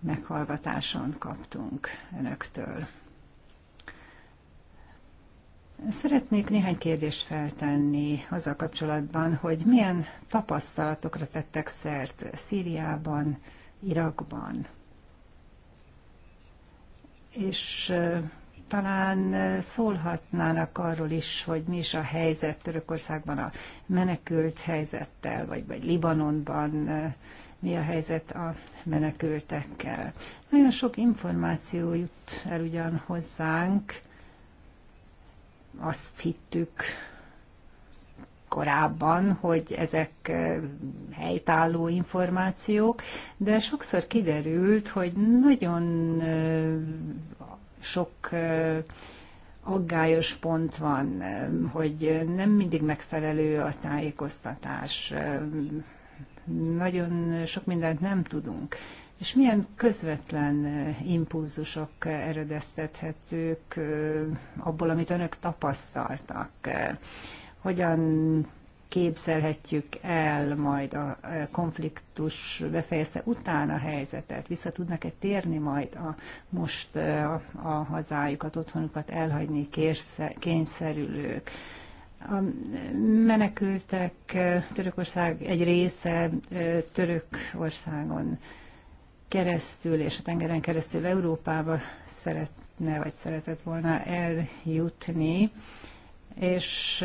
Speaker 1: meghallgatáson kaptunk önöktől. Szeretnék néhány kérdést feltenni azzal kapcsolatban, hogy milyen tapasztalatokra tettek szert Szíriában, Irakban, és talán szólhatnának arról is, hogy mi is a helyzet Törökországban a menekült helyzettel, vagy, vagy Libanonban, mi a helyzet a menekültekkel. Nagyon sok információ jut el ugyan hozzánk, azt hittük korábban, hogy ezek helytálló információk, de sokszor kiderült, hogy nagyon sok aggályos pont van, hogy nem mindig megfelelő a tájékoztatás, nagyon sok mindent nem tudunk. És milyen közvetlen impulzusok eredeztethetők abból, amit önök tapasztaltak? Hogyan képzelhetjük el majd a konfliktus befejezte után a helyzetet? Vissza tudnak-e térni majd a, most a, a hazájukat, otthonukat elhagyni kényszerülők? A menekültek Törökország egy része Törökországon keresztül és a tengeren keresztül Európába szeretne vagy szeretett volna eljutni és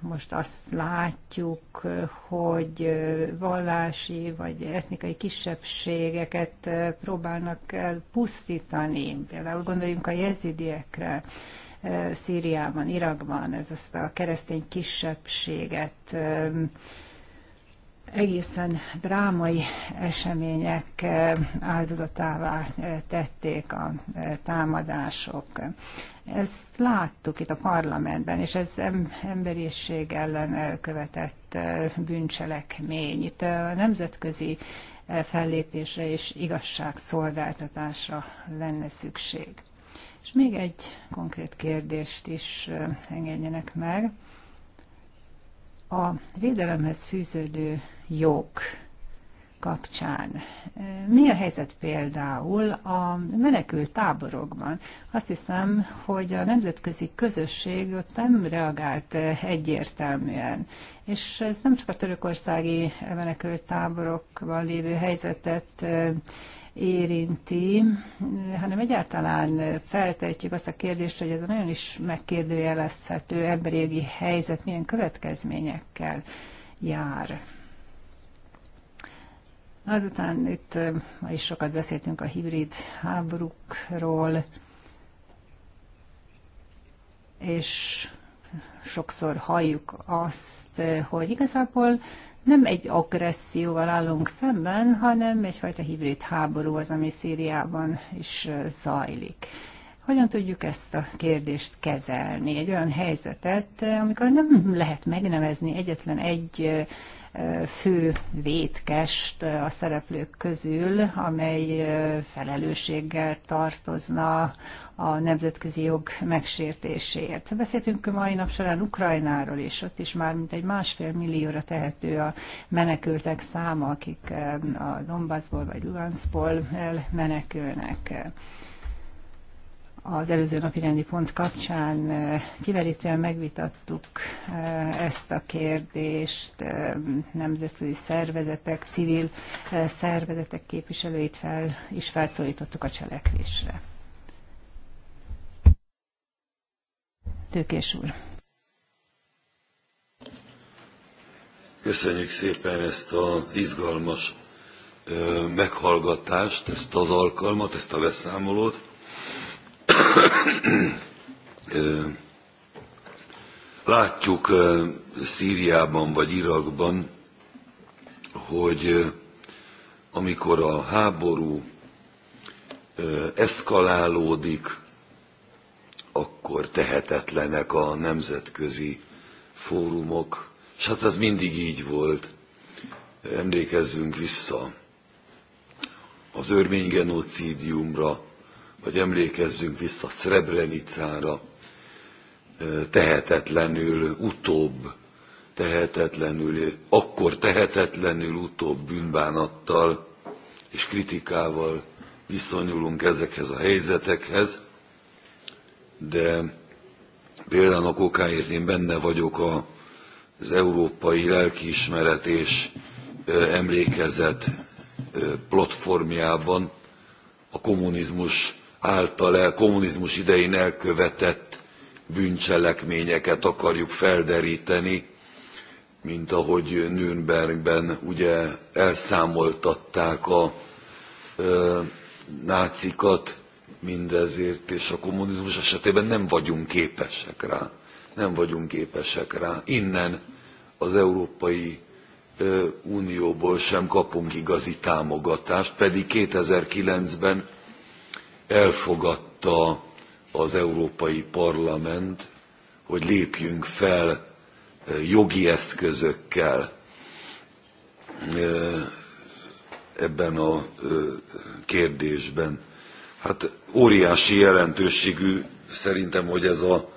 Speaker 1: most azt látjuk, hogy vallási vagy etnikai kisebbségeket próbálnak elpusztítani. pusztítani. Például gondoljunk a jezidiekre, Szíriában, Irakban, ez azt a keresztény kisebbséget egészen drámai események eh, áldozatává eh, tették a eh, támadások. Ezt láttuk itt a parlamentben, és ez emberiesség ellen követett bűncselekmény. Itt a nemzetközi fellépésre és igazságszolgáltatásra lenne szükség. És még egy konkrét kérdést is engedjenek meg. A védelemhez fűződő jog kapcsán. Mi a helyzet például a menekült táborokban? Azt hiszem, hogy a nemzetközi közösség ott nem reagált egyértelműen. És ez nem csak a törökországi menekült táborokban lévő helyzetet érinti, hanem egyáltalán feltehetjük azt a kérdést, hogy ez a nagyon is megkérdőjelezhető emberi helyzet milyen következményekkel jár. Azután itt ma is sokat beszéltünk a hibrid háborúkról, és sokszor halljuk azt, hogy igazából nem egy agresszióval állunk szemben, hanem egyfajta hibrid háború az, ami Szíriában is zajlik. Hogyan tudjuk ezt a kérdést kezelni? Egy olyan helyzetet, amikor nem lehet megnevezni egyetlen egy fő vétkest a szereplők közül, amely felelősséggel tartozna a nemzetközi jog megsértéséért. Beszéltünk a mai nap során Ukrajnáról is, ott is már mint egy másfél millióra tehető a menekültek száma, akik a Donbassból vagy Luganskból menekülnek az előző napi rendi pont kapcsán kiverítően megvitattuk ezt a kérdést, nemzetközi szervezetek, civil szervezetek képviselőit fel, is felszólítottuk a cselekvésre. Tőkés úr.
Speaker 4: Köszönjük szépen ezt az izgalmas meghallgatást, ezt az alkalmat, ezt a beszámolót Látjuk Szíriában vagy Irakban, hogy amikor a háború eszkalálódik, akkor tehetetlenek a nemzetközi fórumok, és hát ez mindig így volt. Emlékezzünk vissza az örmény genocídiumra, vagy emlékezzünk vissza Srebrenicára, tehetetlenül utóbb, tehetetlenül, akkor tehetetlenül utóbb bűnbánattal és kritikával viszonyulunk ezekhez a helyzetekhez, de például a kokáért én benne vagyok a, az európai lelkiismeret és emlékezet platformjában a kommunizmus által kommunizmus idején elkövetett bűncselekményeket akarjuk felderíteni, mint ahogy Nürnbergben ugye elszámoltatták a ö, nácikat mindezért, és a kommunizmus esetében nem vagyunk képesek rá. Nem vagyunk képesek rá. Innen az Európai Unióból sem kapunk igazi támogatást, pedig 2009-ben elfogadta az Európai Parlament, hogy lépjünk fel eh, jogi eszközökkel eh, ebben a eh, kérdésben. Hát óriási jelentőségű szerintem, hogy ez a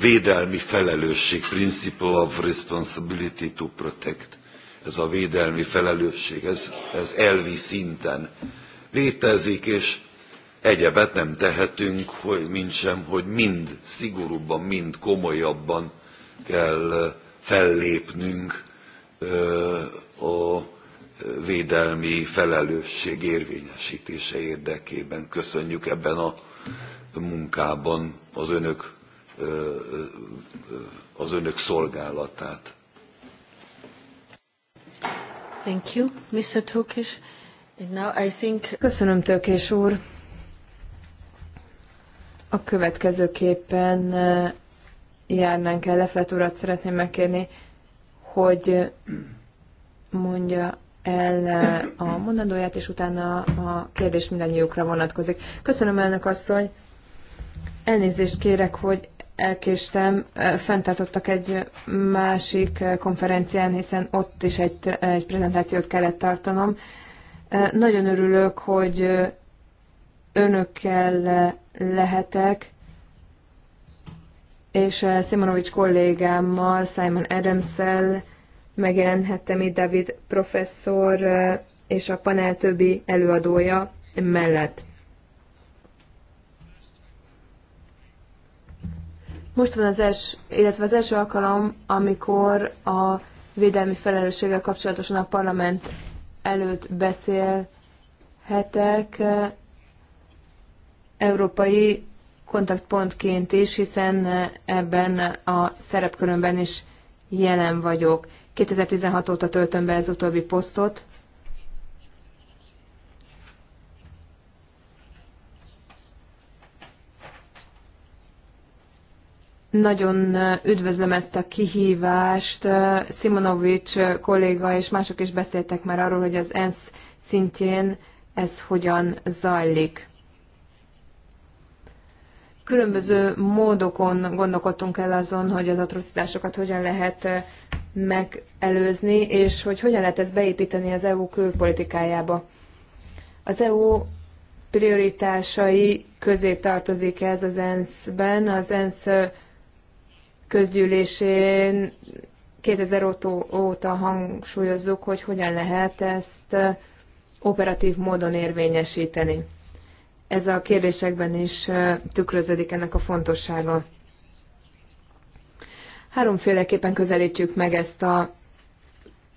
Speaker 4: védelmi felelősség, principle of responsibility to protect, ez a védelmi felelősség, ez, ez elvi szinten létezik, és Egyebet nem tehetünk, hogy sem, hogy mind szigorúbban, mind komolyabban kell fellépnünk a védelmi felelősség érvényesítése érdekében. Köszönjük ebben a munkában az önök, az önök szolgálatát.
Speaker 1: Thank you, Mr.
Speaker 2: Tökés. Now I think... Köszönöm, Tökés úr a következőképpen járnánk el. Leflet urat szeretném megkérni, hogy mondja el a mondandóját, és utána a kérdés mindannyiukra vonatkozik. Köszönöm elnök asszony. Elnézést kérek, hogy elkéstem, Fentartottak egy másik konferencián, hiszen ott is egy, egy prezentációt kellett tartanom. Nagyon örülök, hogy önökkel lehetek, és eh, Simonovics kollégámmal, Simon adams megjelenhettem itt David professzor eh, és a panel többi előadója mellett. Most van az első, illetve az első alkalom, amikor a védelmi felelősséggel kapcsolatosan a parlament előtt beszélhetek. Eh, európai kontaktpontként is, hiszen ebben a szerepkörömben is jelen vagyok. 2016 óta töltöm be az utóbbi posztot. Nagyon üdvözlöm ezt a kihívást. Simonovics kolléga és mások is beszéltek már arról, hogy az ENSZ szintjén ez hogyan zajlik különböző módokon gondolkodtunk el azon, hogy az atrocitásokat hogyan lehet eh, megelőzni, és hogy hogyan lehet ezt beépíteni az EU külpolitikájába. Az EU prioritásai közé tartozik ez az ENSZ-ben. Az ENSZ eh, közgyűlésén 2000 óta hangsúlyozzuk, hogy hogyan lehet ezt eh, operatív módon érvényesíteni ez a kérdésekben is tükröződik ennek a fontossága. Háromféleképpen közelítjük meg ezt a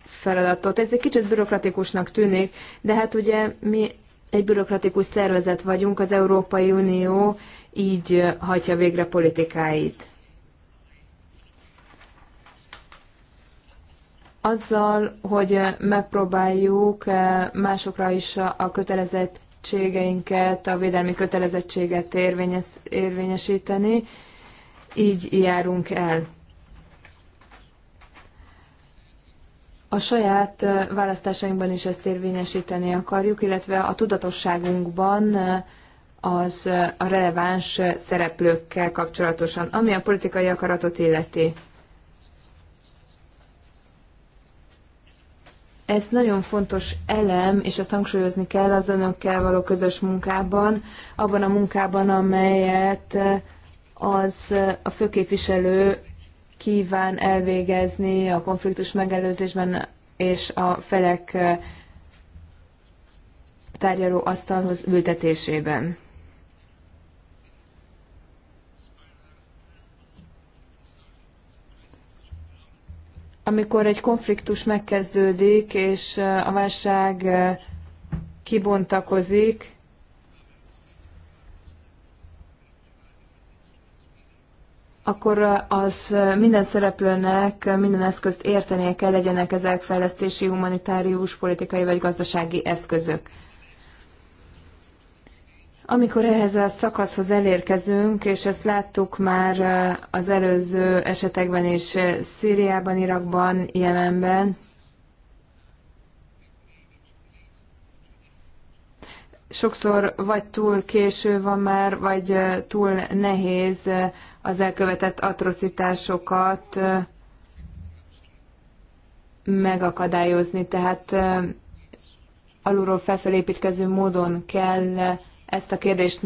Speaker 2: feladatot. Ez egy kicsit bürokratikusnak tűnik, de hát ugye mi egy bürokratikus szervezet vagyunk, az Európai Unió így hagyja végre politikáit. Azzal, hogy megpróbáljuk másokra is a kötelezett kötelezettségeinket, a védelmi kötelezettséget érvényes, érvényesíteni. Így járunk el. A saját választásainkban is ezt érvényesíteni akarjuk, illetve a tudatosságunkban az a releváns szereplőkkel kapcsolatosan, ami a politikai akaratot illeti. Ez nagyon fontos elem, és ezt hangsúlyozni kell az önökkel való közös munkában, abban a munkában, amelyet eh, az eh, a főképviselő kíván elvégezni a konfliktus megelőzésben és a felek eh, tárgyaló asztalhoz ültetésében. amikor egy konfliktus megkezdődik, és a válság kibontakozik, akkor az minden szereplőnek minden eszközt értenie kell, legyenek ezek fejlesztési, humanitárius, politikai vagy gazdasági eszközök. Amikor ehhez a szakaszhoz elérkezünk, és ezt láttuk már az előző esetekben is Szíriában, Irakban, Jemenben, sokszor vagy túl késő van már, vagy túl nehéz az elkövetett atrocitásokat megakadályozni. Tehát alulról felfelépítkező módon kell ezt a kérdést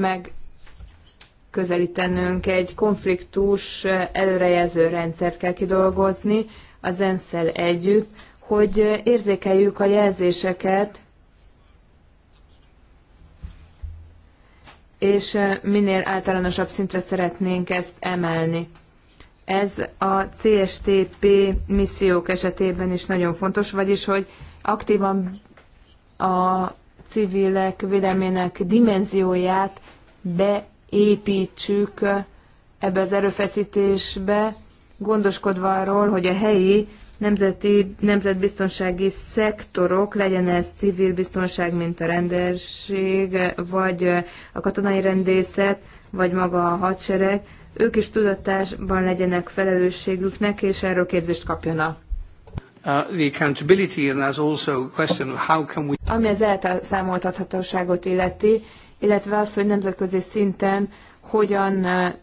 Speaker 2: közelítenünk, Egy konfliktus előrejelző rendszert kell kidolgozni az ensz együtt, hogy érzékeljük a jelzéseket, és minél általánosabb szintre szeretnénk ezt emelni. Ez a CSTP missziók esetében is nagyon fontos, vagyis hogy aktívan a civilek védelmének dimenzióját beépítsük ebbe az erőfeszítésbe, gondoskodva arról, hogy a helyi nemzeti, nemzetbiztonsági szektorok, legyen ez civil biztonság, mint a rendőrség, vagy a katonai rendészet, vagy maga a hadsereg, ők is tudatásban legyenek felelősségüknek, és erről képzést kapjanak a Ami az elszámoltathatóságot illeti, illetve az, hogy nemzetközi szinten hogyan uh,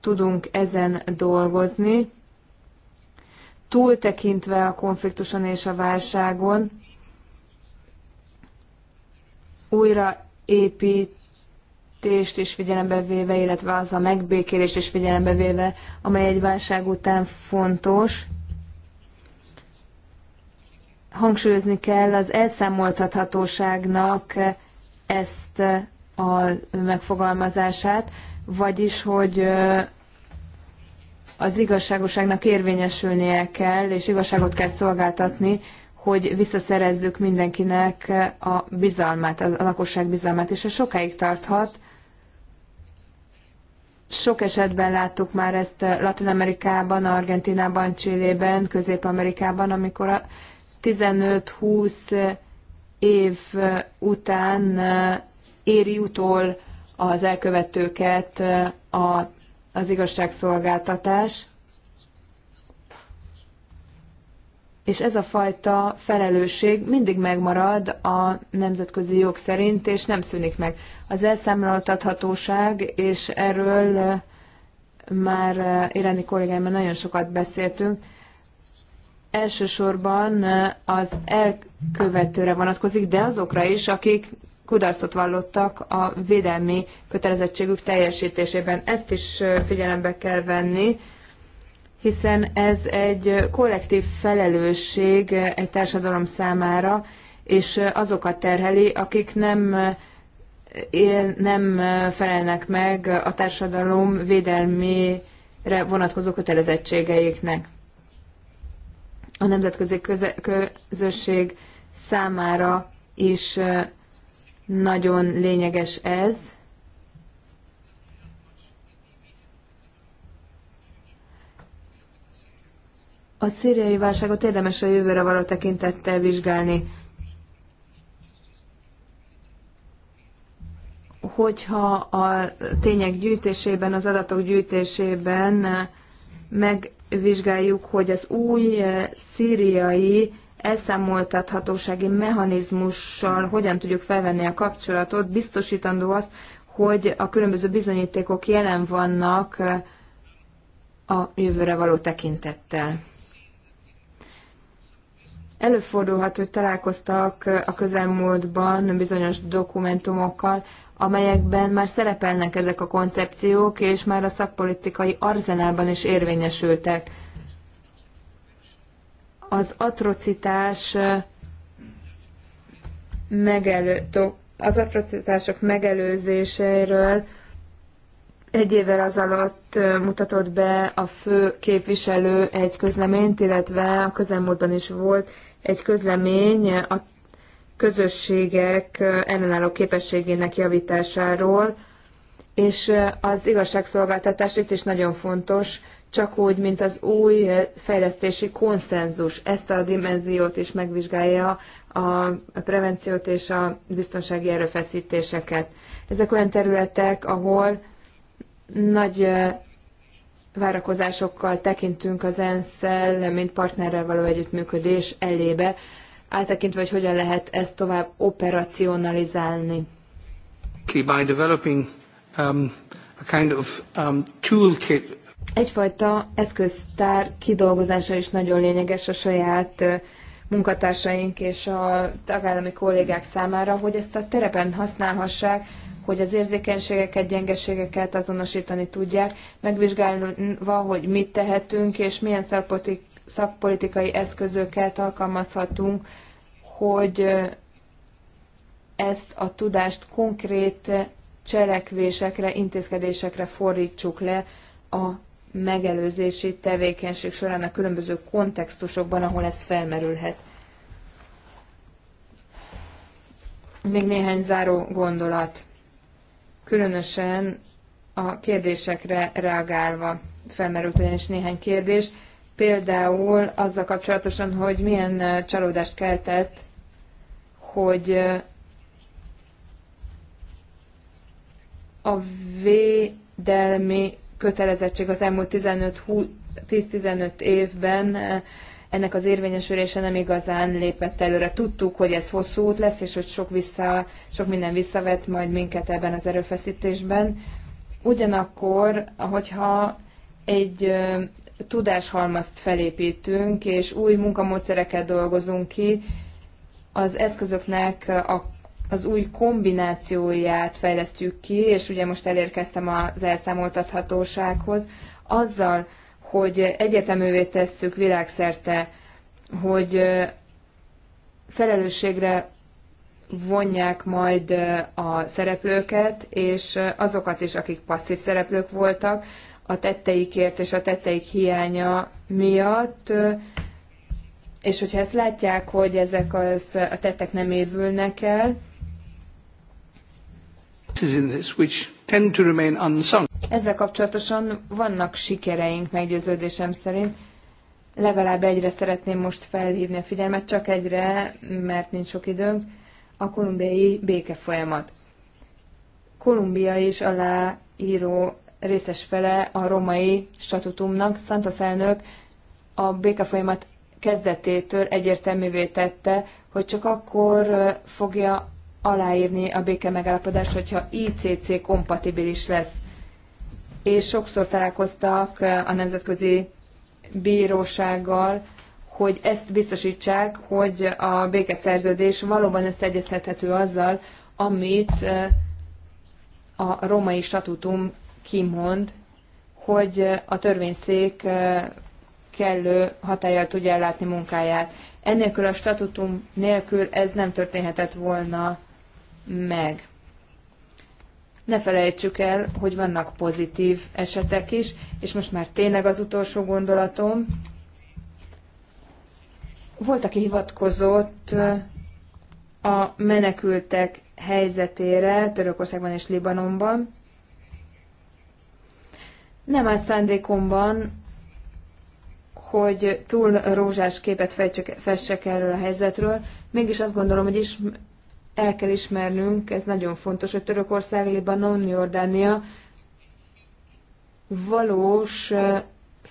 Speaker 2: tudunk ezen dolgozni, túltekintve a konfliktuson és a válságon, újra építést is figyelembe véve, illetve az a megbékélés is figyelembe véve, amely egy válság után fontos, hangsúlyozni kell az elszámoltathatóságnak ezt a megfogalmazását, vagyis, hogy az igazságoságnak érvényesülnie kell, és igazságot kell szolgáltatni, hogy visszaszerezzük mindenkinek a bizalmát, a lakosság bizalmát, és ez sokáig tarthat. Sok esetben láttuk már ezt Latin Amerikában, Argentinában, Csillében, Közép-Amerikában, amikor a 15-20 év után éri utol az elkövetőket a, az igazságszolgáltatás. És ez a fajta felelősség mindig megmarad a nemzetközi jog szerint, és nem szűnik meg. Az elszámoltathatóság, és erről már iráni kollégáimmal nagyon sokat beszéltünk, elsősorban eh, az elkövetőre vonatkozik, de azokra is, akik kudarcot vallottak a védelmi kötelezettségük teljesítésében. Ezt is eh, figyelembe kell venni, hiszen ez egy kollektív felelősség eh, egy társadalom számára, és azokat terheli, akik nem, él, nem felelnek meg a társadalom védelmére vonatkozó kötelezettségeiknek a nemzetközi közösség számára is nagyon lényeges ez. A szíriai válságot érdemes a jövőre való tekintettel vizsgálni. Hogyha a tények gyűjtésében, az adatok gyűjtésében meg vizsgáljuk, hogy az új eh, szíriai elszámoltathatósági mechanizmussal hogyan tudjuk felvenni a kapcsolatot, biztosítandó az, hogy a különböző bizonyítékok jelen vannak eh, a jövőre való tekintettel. Előfordulhat, hogy találkoztak eh, a közelmúltban bizonyos dokumentumokkal, amelyekben már szerepelnek ezek a koncepciók, és már a szakpolitikai arzenálban is érvényesültek. Az atrocitás megelő, az atrocitások megelőzéséről egy évvel azelőtt mutatott be a fő képviselő egy közleményt, illetve a közelmúltban is volt egy közlemény a közösségek ellenálló képességének javításáról, és az igazságszolgáltatás itt is nagyon fontos, csak úgy, mint az új fejlesztési konszenzus. Ezt a dimenziót is megvizsgálja a prevenciót és a biztonsági erőfeszítéseket. Ezek olyan területek, ahol nagy várakozásokkal tekintünk az ensz el mint partnerrel való együttműködés elébe, áttekintve, hogy hogyan lehet ezt tovább operacionalizálni.
Speaker 3: By developing um, a kind of um, toolkit.
Speaker 2: Egyfajta eszköztár kidolgozása is nagyon lényeges a saját munkatársaink és a tagállami kollégák számára, hogy ezt a terepen használhassák, hogy az érzékenységeket, gyengeségeket azonosítani tudják, megvizsgálva, hogy mit tehetünk, és milyen szakpolitikai eszközöket alkalmazhatunk, hogy ezt a tudást konkrét cselekvésekre, intézkedésekre fordítsuk le a megelőzési tevékenység során a különböző kontextusokban, ahol ez felmerülhet. Még néhány záró gondolat, különösen a kérdésekre reagálva felmerült ugyanis néhány kérdés. Például azzal kapcsolatosan, hogy milyen csalódást keltett, hogy a védelmi kötelezettség az elmúlt 10-15 évben ennek az érvényesülése nem igazán lépett előre. Tudtuk, hogy ez hosszú út lesz, és hogy sok, vissza, sok minden visszavet majd minket ebben az erőfeszítésben. Ugyanakkor, hogyha egy tudáshalmazt felépítünk, és új munkamódszereket dolgozunk ki, az eszközöknek a, az új kombinációját fejlesztjük ki, és ugye most elérkeztem az elszámoltathatósághoz, azzal, hogy egyetemővé tesszük világszerte, hogy felelősségre vonják majd a szereplőket, és azokat is, akik passzív szereplők voltak, a tetteikért és a tetteik hiánya miatt, és hogyha ezt látják, hogy ezek az, a tettek nem évülnek el, ezzel kapcsolatosan vannak sikereink meggyőződésem szerint. Legalább egyre szeretném most felhívni a figyelmet, csak egyre, mert nincs sok időnk, a kolumbiai béke folyamat Kolumbia is aláíró részes fele a romai statutumnak. Santos elnök a békefolyamat kezdetétől egyértelművé tette, hogy csak akkor fogja aláírni a béke megállapodást, hogyha ICC kompatibilis lesz. És sokszor találkoztak a Nemzetközi Bírósággal, hogy ezt biztosítsák, hogy a békeszerződés valóban összeegyeztethető azzal, amit a romai statutum kimond, hogy a törvényszék kellő hatállyal tudja ellátni munkáját. Ennélkül a statutum nélkül ez nem történhetett volna meg. Ne felejtsük el, hogy vannak pozitív esetek is, és most már tényleg az utolsó gondolatom. Volt, aki hivatkozott a menekültek helyzetére Törökországban és Libanonban, nem áll szándékomban, hogy túl rózsás képet fejtsek, fessek erről a helyzetről, mégis azt gondolom, hogy is el kell ismernünk, ez nagyon fontos, hogy Törökország, Libanon, Jordánia valós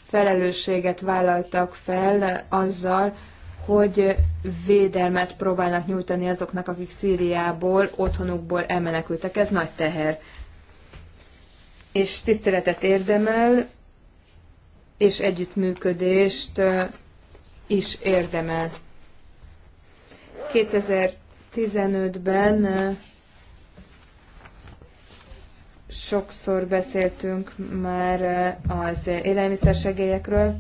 Speaker 2: felelősséget vállaltak fel azzal, hogy védelmet próbálnak nyújtani azoknak, akik Szíriából, otthonukból elmenekültek. Ez nagy teher és tiszteletet érdemel, és együttműködést is érdemel. 2015-ben sokszor beszéltünk már az élelmiszersegélyekről.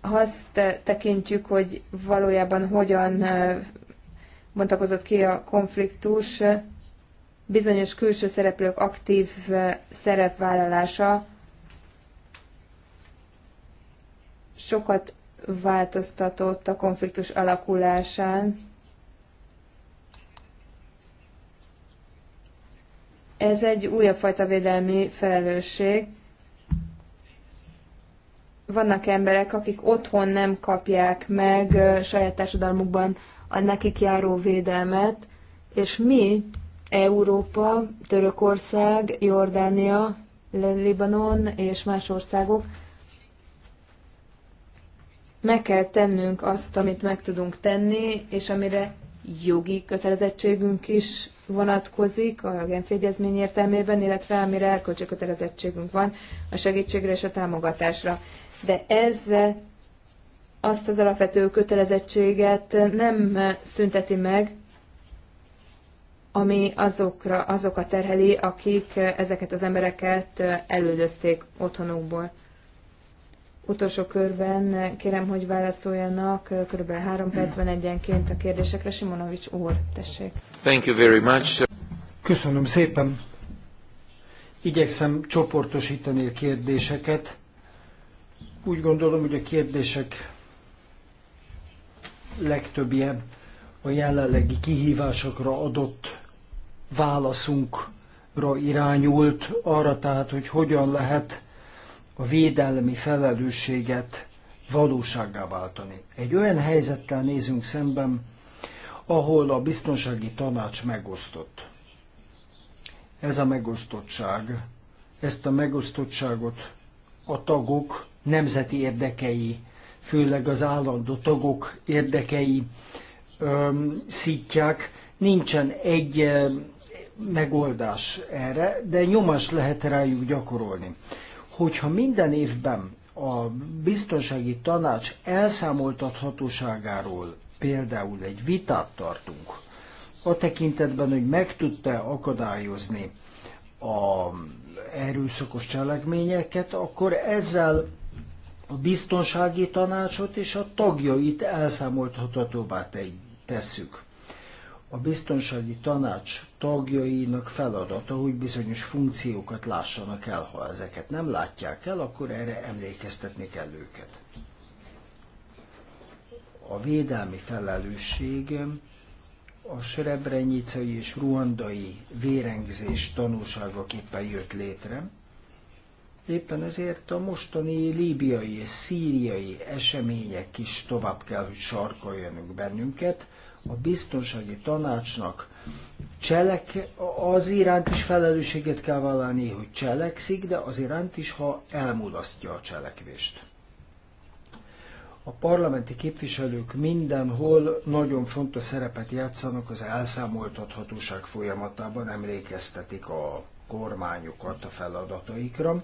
Speaker 2: Ha azt tekintjük, hogy valójában hogyan bontakozott ki a konfliktus, bizonyos külső szereplők aktív szerepvállalása sokat változtatott a konfliktus alakulásán. Ez egy újabb fajta védelmi felelősség. Vannak emberek, akik otthon nem kapják meg saját társadalmukban a nekik járó védelmet, és mi Európa, Törökország, Jordánia, Libanon és más országok, meg kell tennünk azt, amit meg tudunk tenni, és amire jogi kötelezettségünk is vonatkozik a genfégyezmény értelmében, illetve amire erkölcsi kötelezettségünk van a segítségre és a támogatásra. De ez azt az alapvető kötelezettséget nem szünteti meg, ami azokra, azokat terheli, akik ezeket az embereket elődözték otthonukból. Utolsó körben kérem, hogy válaszoljanak kb. három percben egyenként a kérdésekre. Simonovics úr,
Speaker 4: tessék. Thank you very much.
Speaker 3: Köszönöm szépen. Igyekszem csoportosítani a kérdéseket. Úgy gondolom, hogy a kérdések legtöbbje a jelenlegi kihívásokra adott válaszunkra irányult, arra tehát, hogy hogyan lehet a védelmi felelősséget valósággá váltani. Egy olyan helyzettel nézünk szemben, ahol a biztonsági tanács megosztott. Ez a megosztottság, ezt a megosztottságot a tagok nemzeti érdekei, főleg az állandó tagok érdekei öm, szítják. Nincsen egy megoldás erre, de nyomást lehet rájuk gyakorolni. Hogyha minden évben a biztonsági tanács elszámoltathatóságáról például egy vitát tartunk, a tekintetben, hogy meg tudta akadályozni a erőszakos cselekményeket, akkor ezzel a biztonsági tanácsot és a tagjait elszámolthatatóvá tesszük. A biztonsági tanács tagjainak feladata, hogy bizonyos funkciókat lássanak el. Ha ezeket nem látják el, akkor erre emlékeztetni kell őket. A védelmi felelősség a srebrenyicai és ruandai vérengzés tanulságaképpen jött létre. Éppen ezért a mostani líbiai és szíriai események is tovább kell, hogy sarkoljanak bennünket, a biztonsági tanácsnak cselek, az iránt is felelősséget kell vállalni, hogy cselekszik, de az iránt is, ha elmulasztja a cselekvést. A parlamenti képviselők mindenhol nagyon fontos szerepet játszanak az elszámoltathatóság folyamatában, emlékeztetik a kormányokat a feladataikra.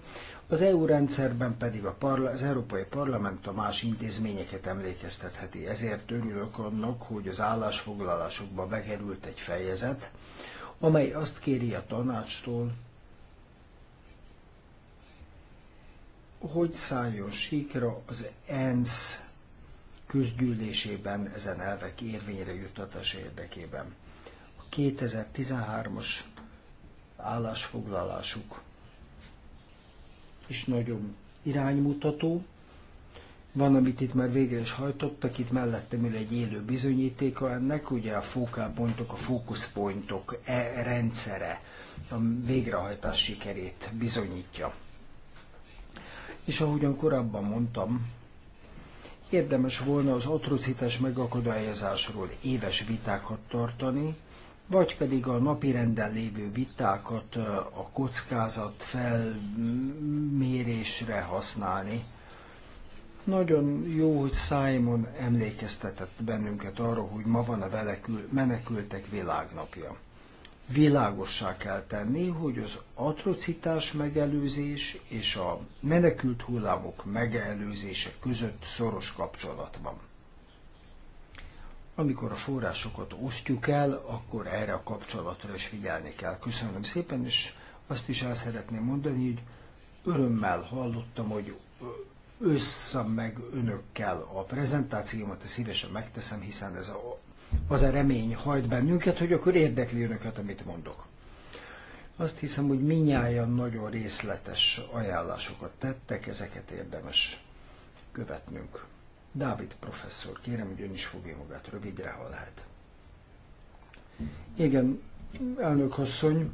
Speaker 3: Az EU rendszerben pedig a parla- az Európai Parlament a más intézményeket emlékeztetheti. Ezért örülök annak, hogy az állásfoglalásokba bekerült egy fejezet, amely azt kéri a tanácstól, hogy szálljon síkra az ENSZ közgyűlésében ezen elvek érvényre juttatása érdekében. A 2013-as állásfoglalásuk is nagyon iránymutató. Van, amit itt már végre is hajtottak, itt mellettem ül egy élő bizonyítéka ennek, ugye a fókápontok a fókuszpontok e rendszere a végrehajtás sikerét bizonyítja. És ahogyan korábban mondtam, érdemes volna az atrocitás megakadályozásról éves vitákat tartani, vagy pedig a napirenden lévő vitákat a kockázat felmérésre használni. Nagyon jó, hogy Simon emlékeztetett bennünket arról, hogy ma van a velekül, menekültek világnapja. Világossá kell tenni, hogy az atrocitás megelőzés és a menekült hullámok megelőzése között szoros kapcsolat van. Amikor a forrásokat osztjuk el, akkor erre a kapcsolatra is figyelni kell. Köszönöm szépen, és azt is el szeretném mondani, hogy örömmel hallottam, hogy összem meg önökkel a prezentációmat, ezt szívesen megteszem, hiszen ez a, az a remény hajt bennünket, hogy akkor érdekli önöket, amit mondok. Azt hiszem, hogy minnyáján nagyon részletes ajánlásokat tettek, ezeket érdemes követnünk. Dávid professzor, kérem, hogy ön is fogja magát rövidre, ha lehet. Igen, elnök asszony,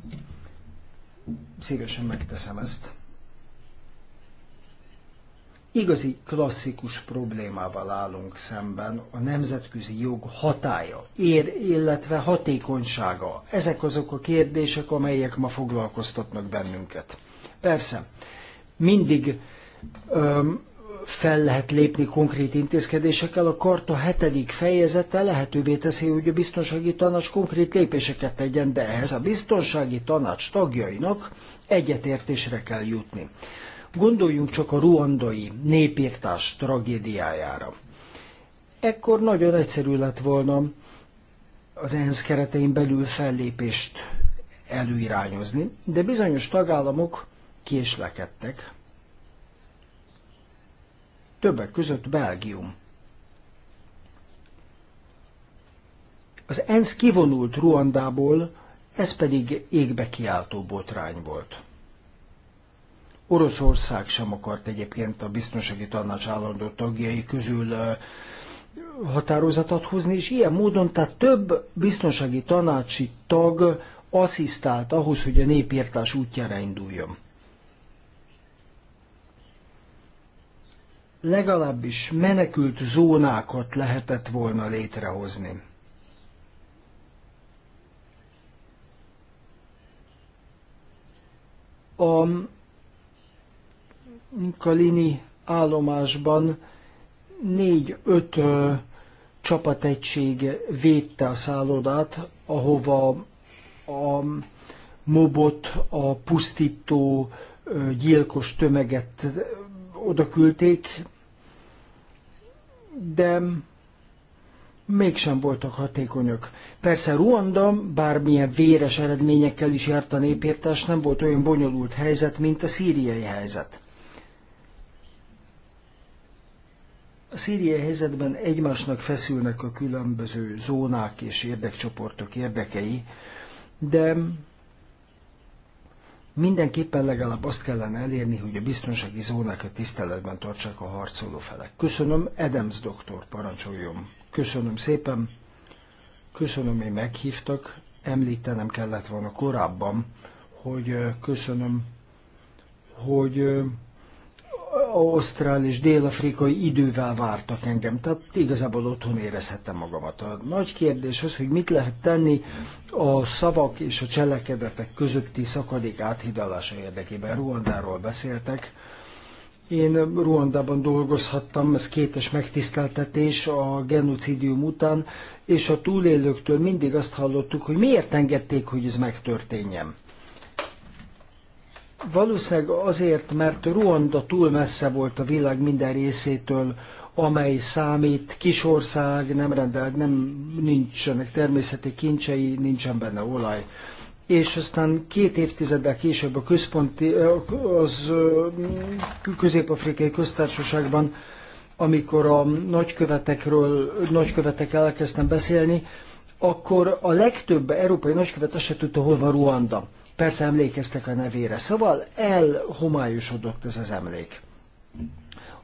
Speaker 3: szívesen megteszem ezt. Igazi klasszikus problémával állunk szemben, a nemzetközi jog hatája, ér, illetve hatékonysága. Ezek azok a kérdések, amelyek ma foglalkoztatnak bennünket. Persze, mindig öm, fel lehet lépni konkrét intézkedésekkel, a karta hetedik fejezete lehetővé teszi, hogy a biztonsági tanács konkrét lépéseket tegyen, de ehhez a biztonsági tanács tagjainak egyetértésre kell jutni. Gondoljunk csak a ruandai népírtás tragédiájára. Ekkor nagyon egyszerű lett volna az ENSZ keretein belül fellépést előirányozni, de bizonyos tagállamok késlekedtek, többek között Belgium. Az ENSZ kivonult Ruandából, ez pedig égbe kiáltó botrány volt. Oroszország sem akart egyébként a biztonsági tanács állandó tagjai közül határozatot hozni, és ilyen módon tehát több biztonsági tanácsi tag asszisztált ahhoz, hogy a népírtás útjára induljon. legalábbis menekült zónákat lehetett volna létrehozni. A Kalini állomásban négy-öt csapategység védte a szállodát, ahova a mobot, a pusztító gyilkos tömeget oda küldték, de mégsem voltak hatékonyak. Persze Ruanda bármilyen véres eredményekkel is járt a népírtás, nem volt olyan bonyolult helyzet, mint a szíriai helyzet. A szíriai helyzetben egymásnak feszülnek a különböző zónák és érdekcsoportok érdekei, de Mindenképpen legalább azt kellene elérni, hogy a biztonsági zónákat tiszteletben tartsák a harcoló felek. Köszönöm, Adams doktor, parancsoljon. Köszönöm szépen. Köszönöm, hogy meghívtak. Említenem kellett volna korábban, hogy köszönöm, hogy ausztrál és dél-afrikai idővel vártak engem, tehát igazából otthon érezhettem magamat. A nagy kérdés az, hogy mit lehet tenni a szavak és a cselekedetek közötti szakadék áthidalása érdekében. Ruandáról beszéltek. Én Ruandában dolgozhattam, ez kétes megtiszteltetés a genocidium után, és a túlélőktől mindig azt hallottuk, hogy miért engedték, hogy ez megtörténjen. Valószínűleg azért, mert Ruanda túl messze volt a világ minden részétől, amely számít, ország, nem rendelt, nem nincsenek természeti kincsei, nincsen benne olaj. És aztán két évtizeddel később a központi, az közép-afrikai köztársaságban, amikor a nagykövetekről, nagykövetekkel elkezdtem beszélni, akkor a legtöbb európai nagykövet azt se tudta, hol van Ruanda. Persze emlékeztek a nevére, szóval elhomályosodott ez az emlék.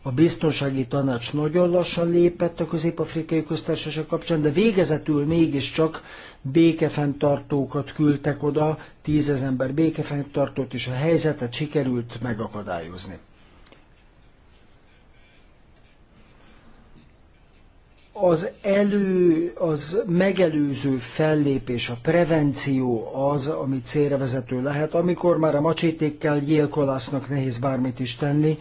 Speaker 3: A biztonsági tanács nagyon lassan lépett a közép-afrikai köztársaság kapcsán, de végezetül mégiscsak békefenntartókat küldtek oda, tízezer ember békefenntartót, és a helyzetet sikerült megakadályozni. az elő, az megelőző fellépés, a prevenció az, ami célra vezető lehet, amikor már a macsétékkel gyilkolásznak nehéz bármit is tenni,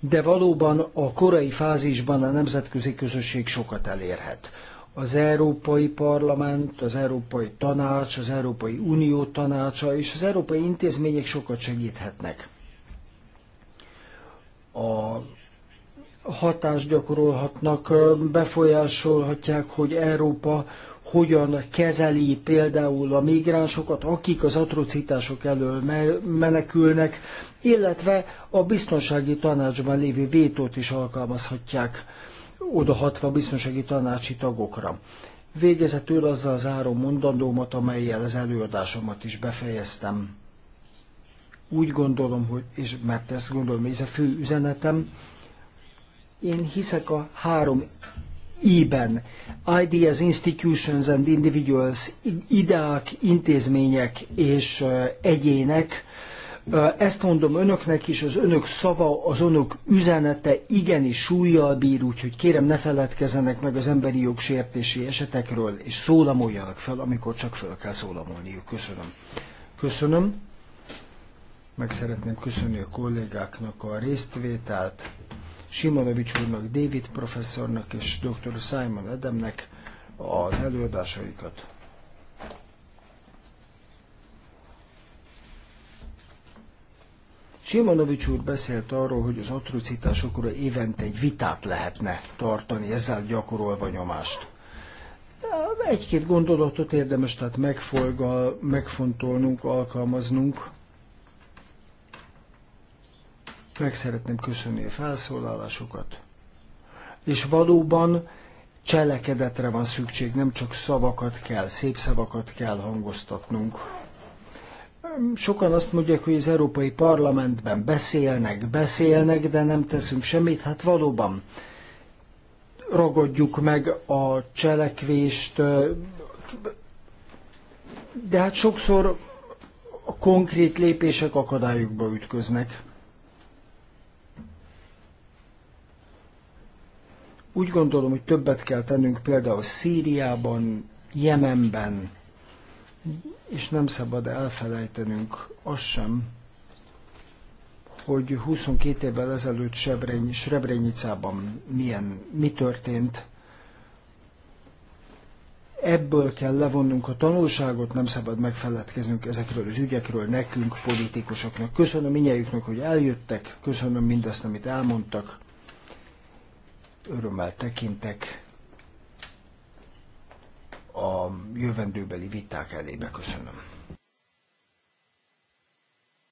Speaker 3: de valóban a korai fázisban a nemzetközi közösség sokat elérhet. Az Európai Parlament, az Európai Tanács, az Európai Unió tanácsa és az európai intézmények sokat segíthetnek. A hatást gyakorolhatnak, befolyásolhatják, hogy Európa hogyan kezeli például a migránsokat, akik az atrocitások elől menekülnek, illetve a biztonsági tanácsban lévő vétót is alkalmazhatják odahatva biztonsági tanácsi tagokra. Végezetül azzal zárom mondandómat, amelyel az előadásomat is befejeztem. Úgy gondolom, hogy, és mert ezt gondolom, hogy ez a fő üzenetem, én hiszek a három I-ben. Ideas, Institutions and Individuals, ideák, intézmények és egyének. Ezt mondom önöknek is, az önök szava, az önök üzenete igenis súlyjal bír, úgyhogy kérem ne feledkezzenek meg az emberi jogsértési esetekről, és szólamoljanak fel, amikor csak fel kell szólamolniuk. Köszönöm. Köszönöm. Meg szeretném köszönni a kollégáknak a résztvételt. Simonovics úrnak, David professzornak és dr. Simon Edemnek az előadásaikat. Simonovics úr beszélt arról, hogy az atrocitásokra évente egy vitát lehetne tartani, ezzel gyakorolva nyomást. Egy-két gondolatot érdemes tehát megfontolnunk, alkalmaznunk, meg szeretném köszönni a felszólalásokat. És valóban cselekedetre van szükség, nem csak szavakat kell, szép szavakat kell hangoztatnunk. Sokan azt mondják, hogy az Európai Parlamentben beszélnek, beszélnek, de nem teszünk semmit. Hát valóban ragadjuk meg a cselekvést, de hát sokszor a konkrét lépések akadályokba ütköznek. Úgy gondolom, hogy többet kell tennünk például Szíriában, Jemenben, és nem szabad elfelejtenünk azt sem, hogy 22 évvel ezelőtt Srebreny, Srebrenicában milyen, mi történt. Ebből kell levonnunk a tanulságot, nem szabad megfeledkeznünk ezekről az ügyekről nekünk, politikusoknak. Köszönöm minnyájuknak, hogy eljöttek, köszönöm mindazt, amit elmondtak örömmel tekintek a jövendőbeli viták elébe. Köszönöm.